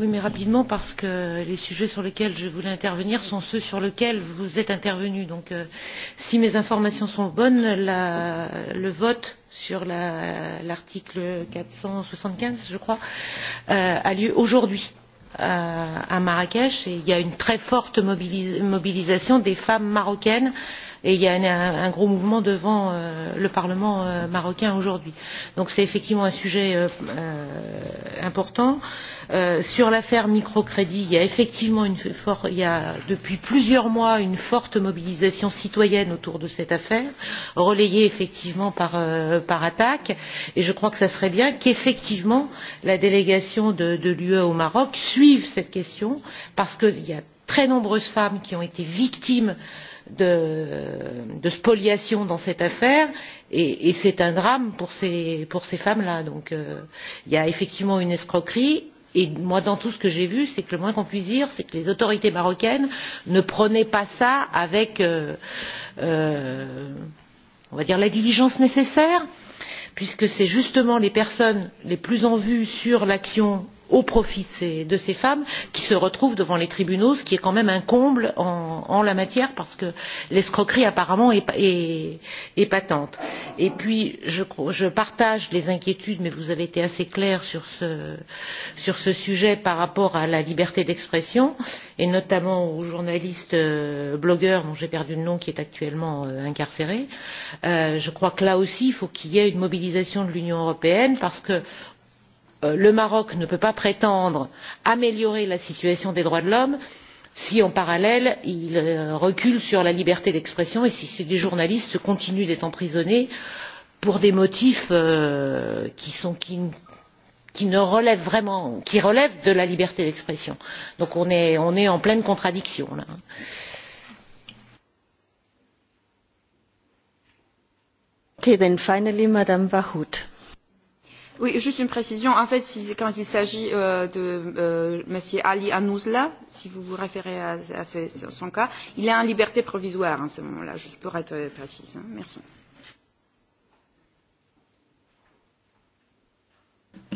Oui, mais rapidement, parce que les sujets sur lesquels je voulais intervenir sont ceux sur lesquels vous êtes intervenu. Donc, euh, si mes informations sont bonnes, la, le vote sur l'article la, 475, je crois, euh, a lieu aujourd'hui euh, à Marrakech. Et il y a une très forte mobilis mobilisation des femmes marocaines euh, et il y a un, un gros mouvement devant euh, le parlement euh, marocain aujourd'hui. donc c'est effectivement un sujet euh, euh important. Euh, sur l'affaire microcrédit il y a effectivement une for il y a depuis plusieurs mois une forte mobilisation citoyenne autour de cette affaire relayée effectivement par, euh, par attac et je crois que ce serait bien qu'effectivement la délégation de, de l'ue au maroc suive cette question parce qu'il y a de très nombreuses femmes qui ont été victimes euh, de, de spoliation dans cette affaire et, et c'est un drame pour ces, pour ces femmes là. donc euh, il euh, y a effectivement une escroquerie et moi dans tout ce que j'ai vu c'est que le moins qu'on puisse dire c'est que les autorités marocaines ne prenaient pas ça avec euh, euh, on va dire la diligence nécessaire puisque c'est justement les personnes les plus en vue sur l'action au profit de ces, de ces femmes qui se retrouvent devant les tribunaux ce qui est quand même un comble en, en la matière parce que l'escroquerie apparemment est, est, est patente. et puis je, je partage les inquiétudes mais vous avez été assez claire sur ce, sur ce sujet par rapport à la liberté d'expression et notamment au journaliste euh, blogueur dont j'ai perdu le nom qui est actuellement euh, incarcéré. Euh, je crois que là aussi il faut qu'il y ait une mobilisation de l'union européenne parce que Euh, le maroc ne peut pas prétendre améliorer la situation des droits de l'homme si en parallèle il euh, recule sur la liberté d'expression et si des journalistes continuent d'être emprisonnés pour des motifs euh, qui, sont, qui, qui, ne relèvent vraiment, qui relèvent de la liberté d'expression. donc on est, on est en pleine contradiction là. Okay, then finally, Madame Wahoud. Oui, juste une précision. En fait, si, quand il s'agit euh, de euh, M. Ali Anouzla, si vous vous référez à, à ce, son cas, il est en liberté provisoire en ce moment-là, juste pour être euh, précise. Hein. Merci.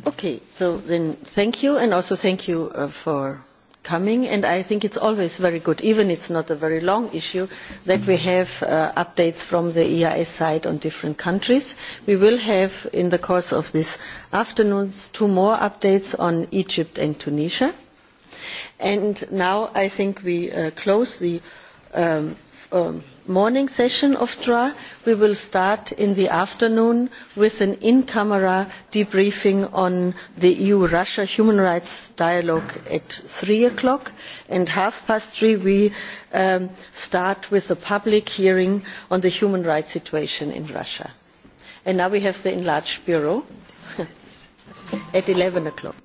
Okay, so then thank you and also thank you uh, for coming and i think it is always very good even if it is not a very long issue that we mm-hmm. have uh, updates from the eeas side on different countries. we will have in the course of this afternoon two more updates on egypt and tunisia. And now i think we uh, close the um, um, morning session of DRA. We will start in the afternoon with an in-camera debriefing on the EU-Russia human rights dialogue at 3 o'clock. And half past 3 we um, start with a public hearing on the human rights situation in Russia. And now we have the enlarged bureau at 11 o'clock.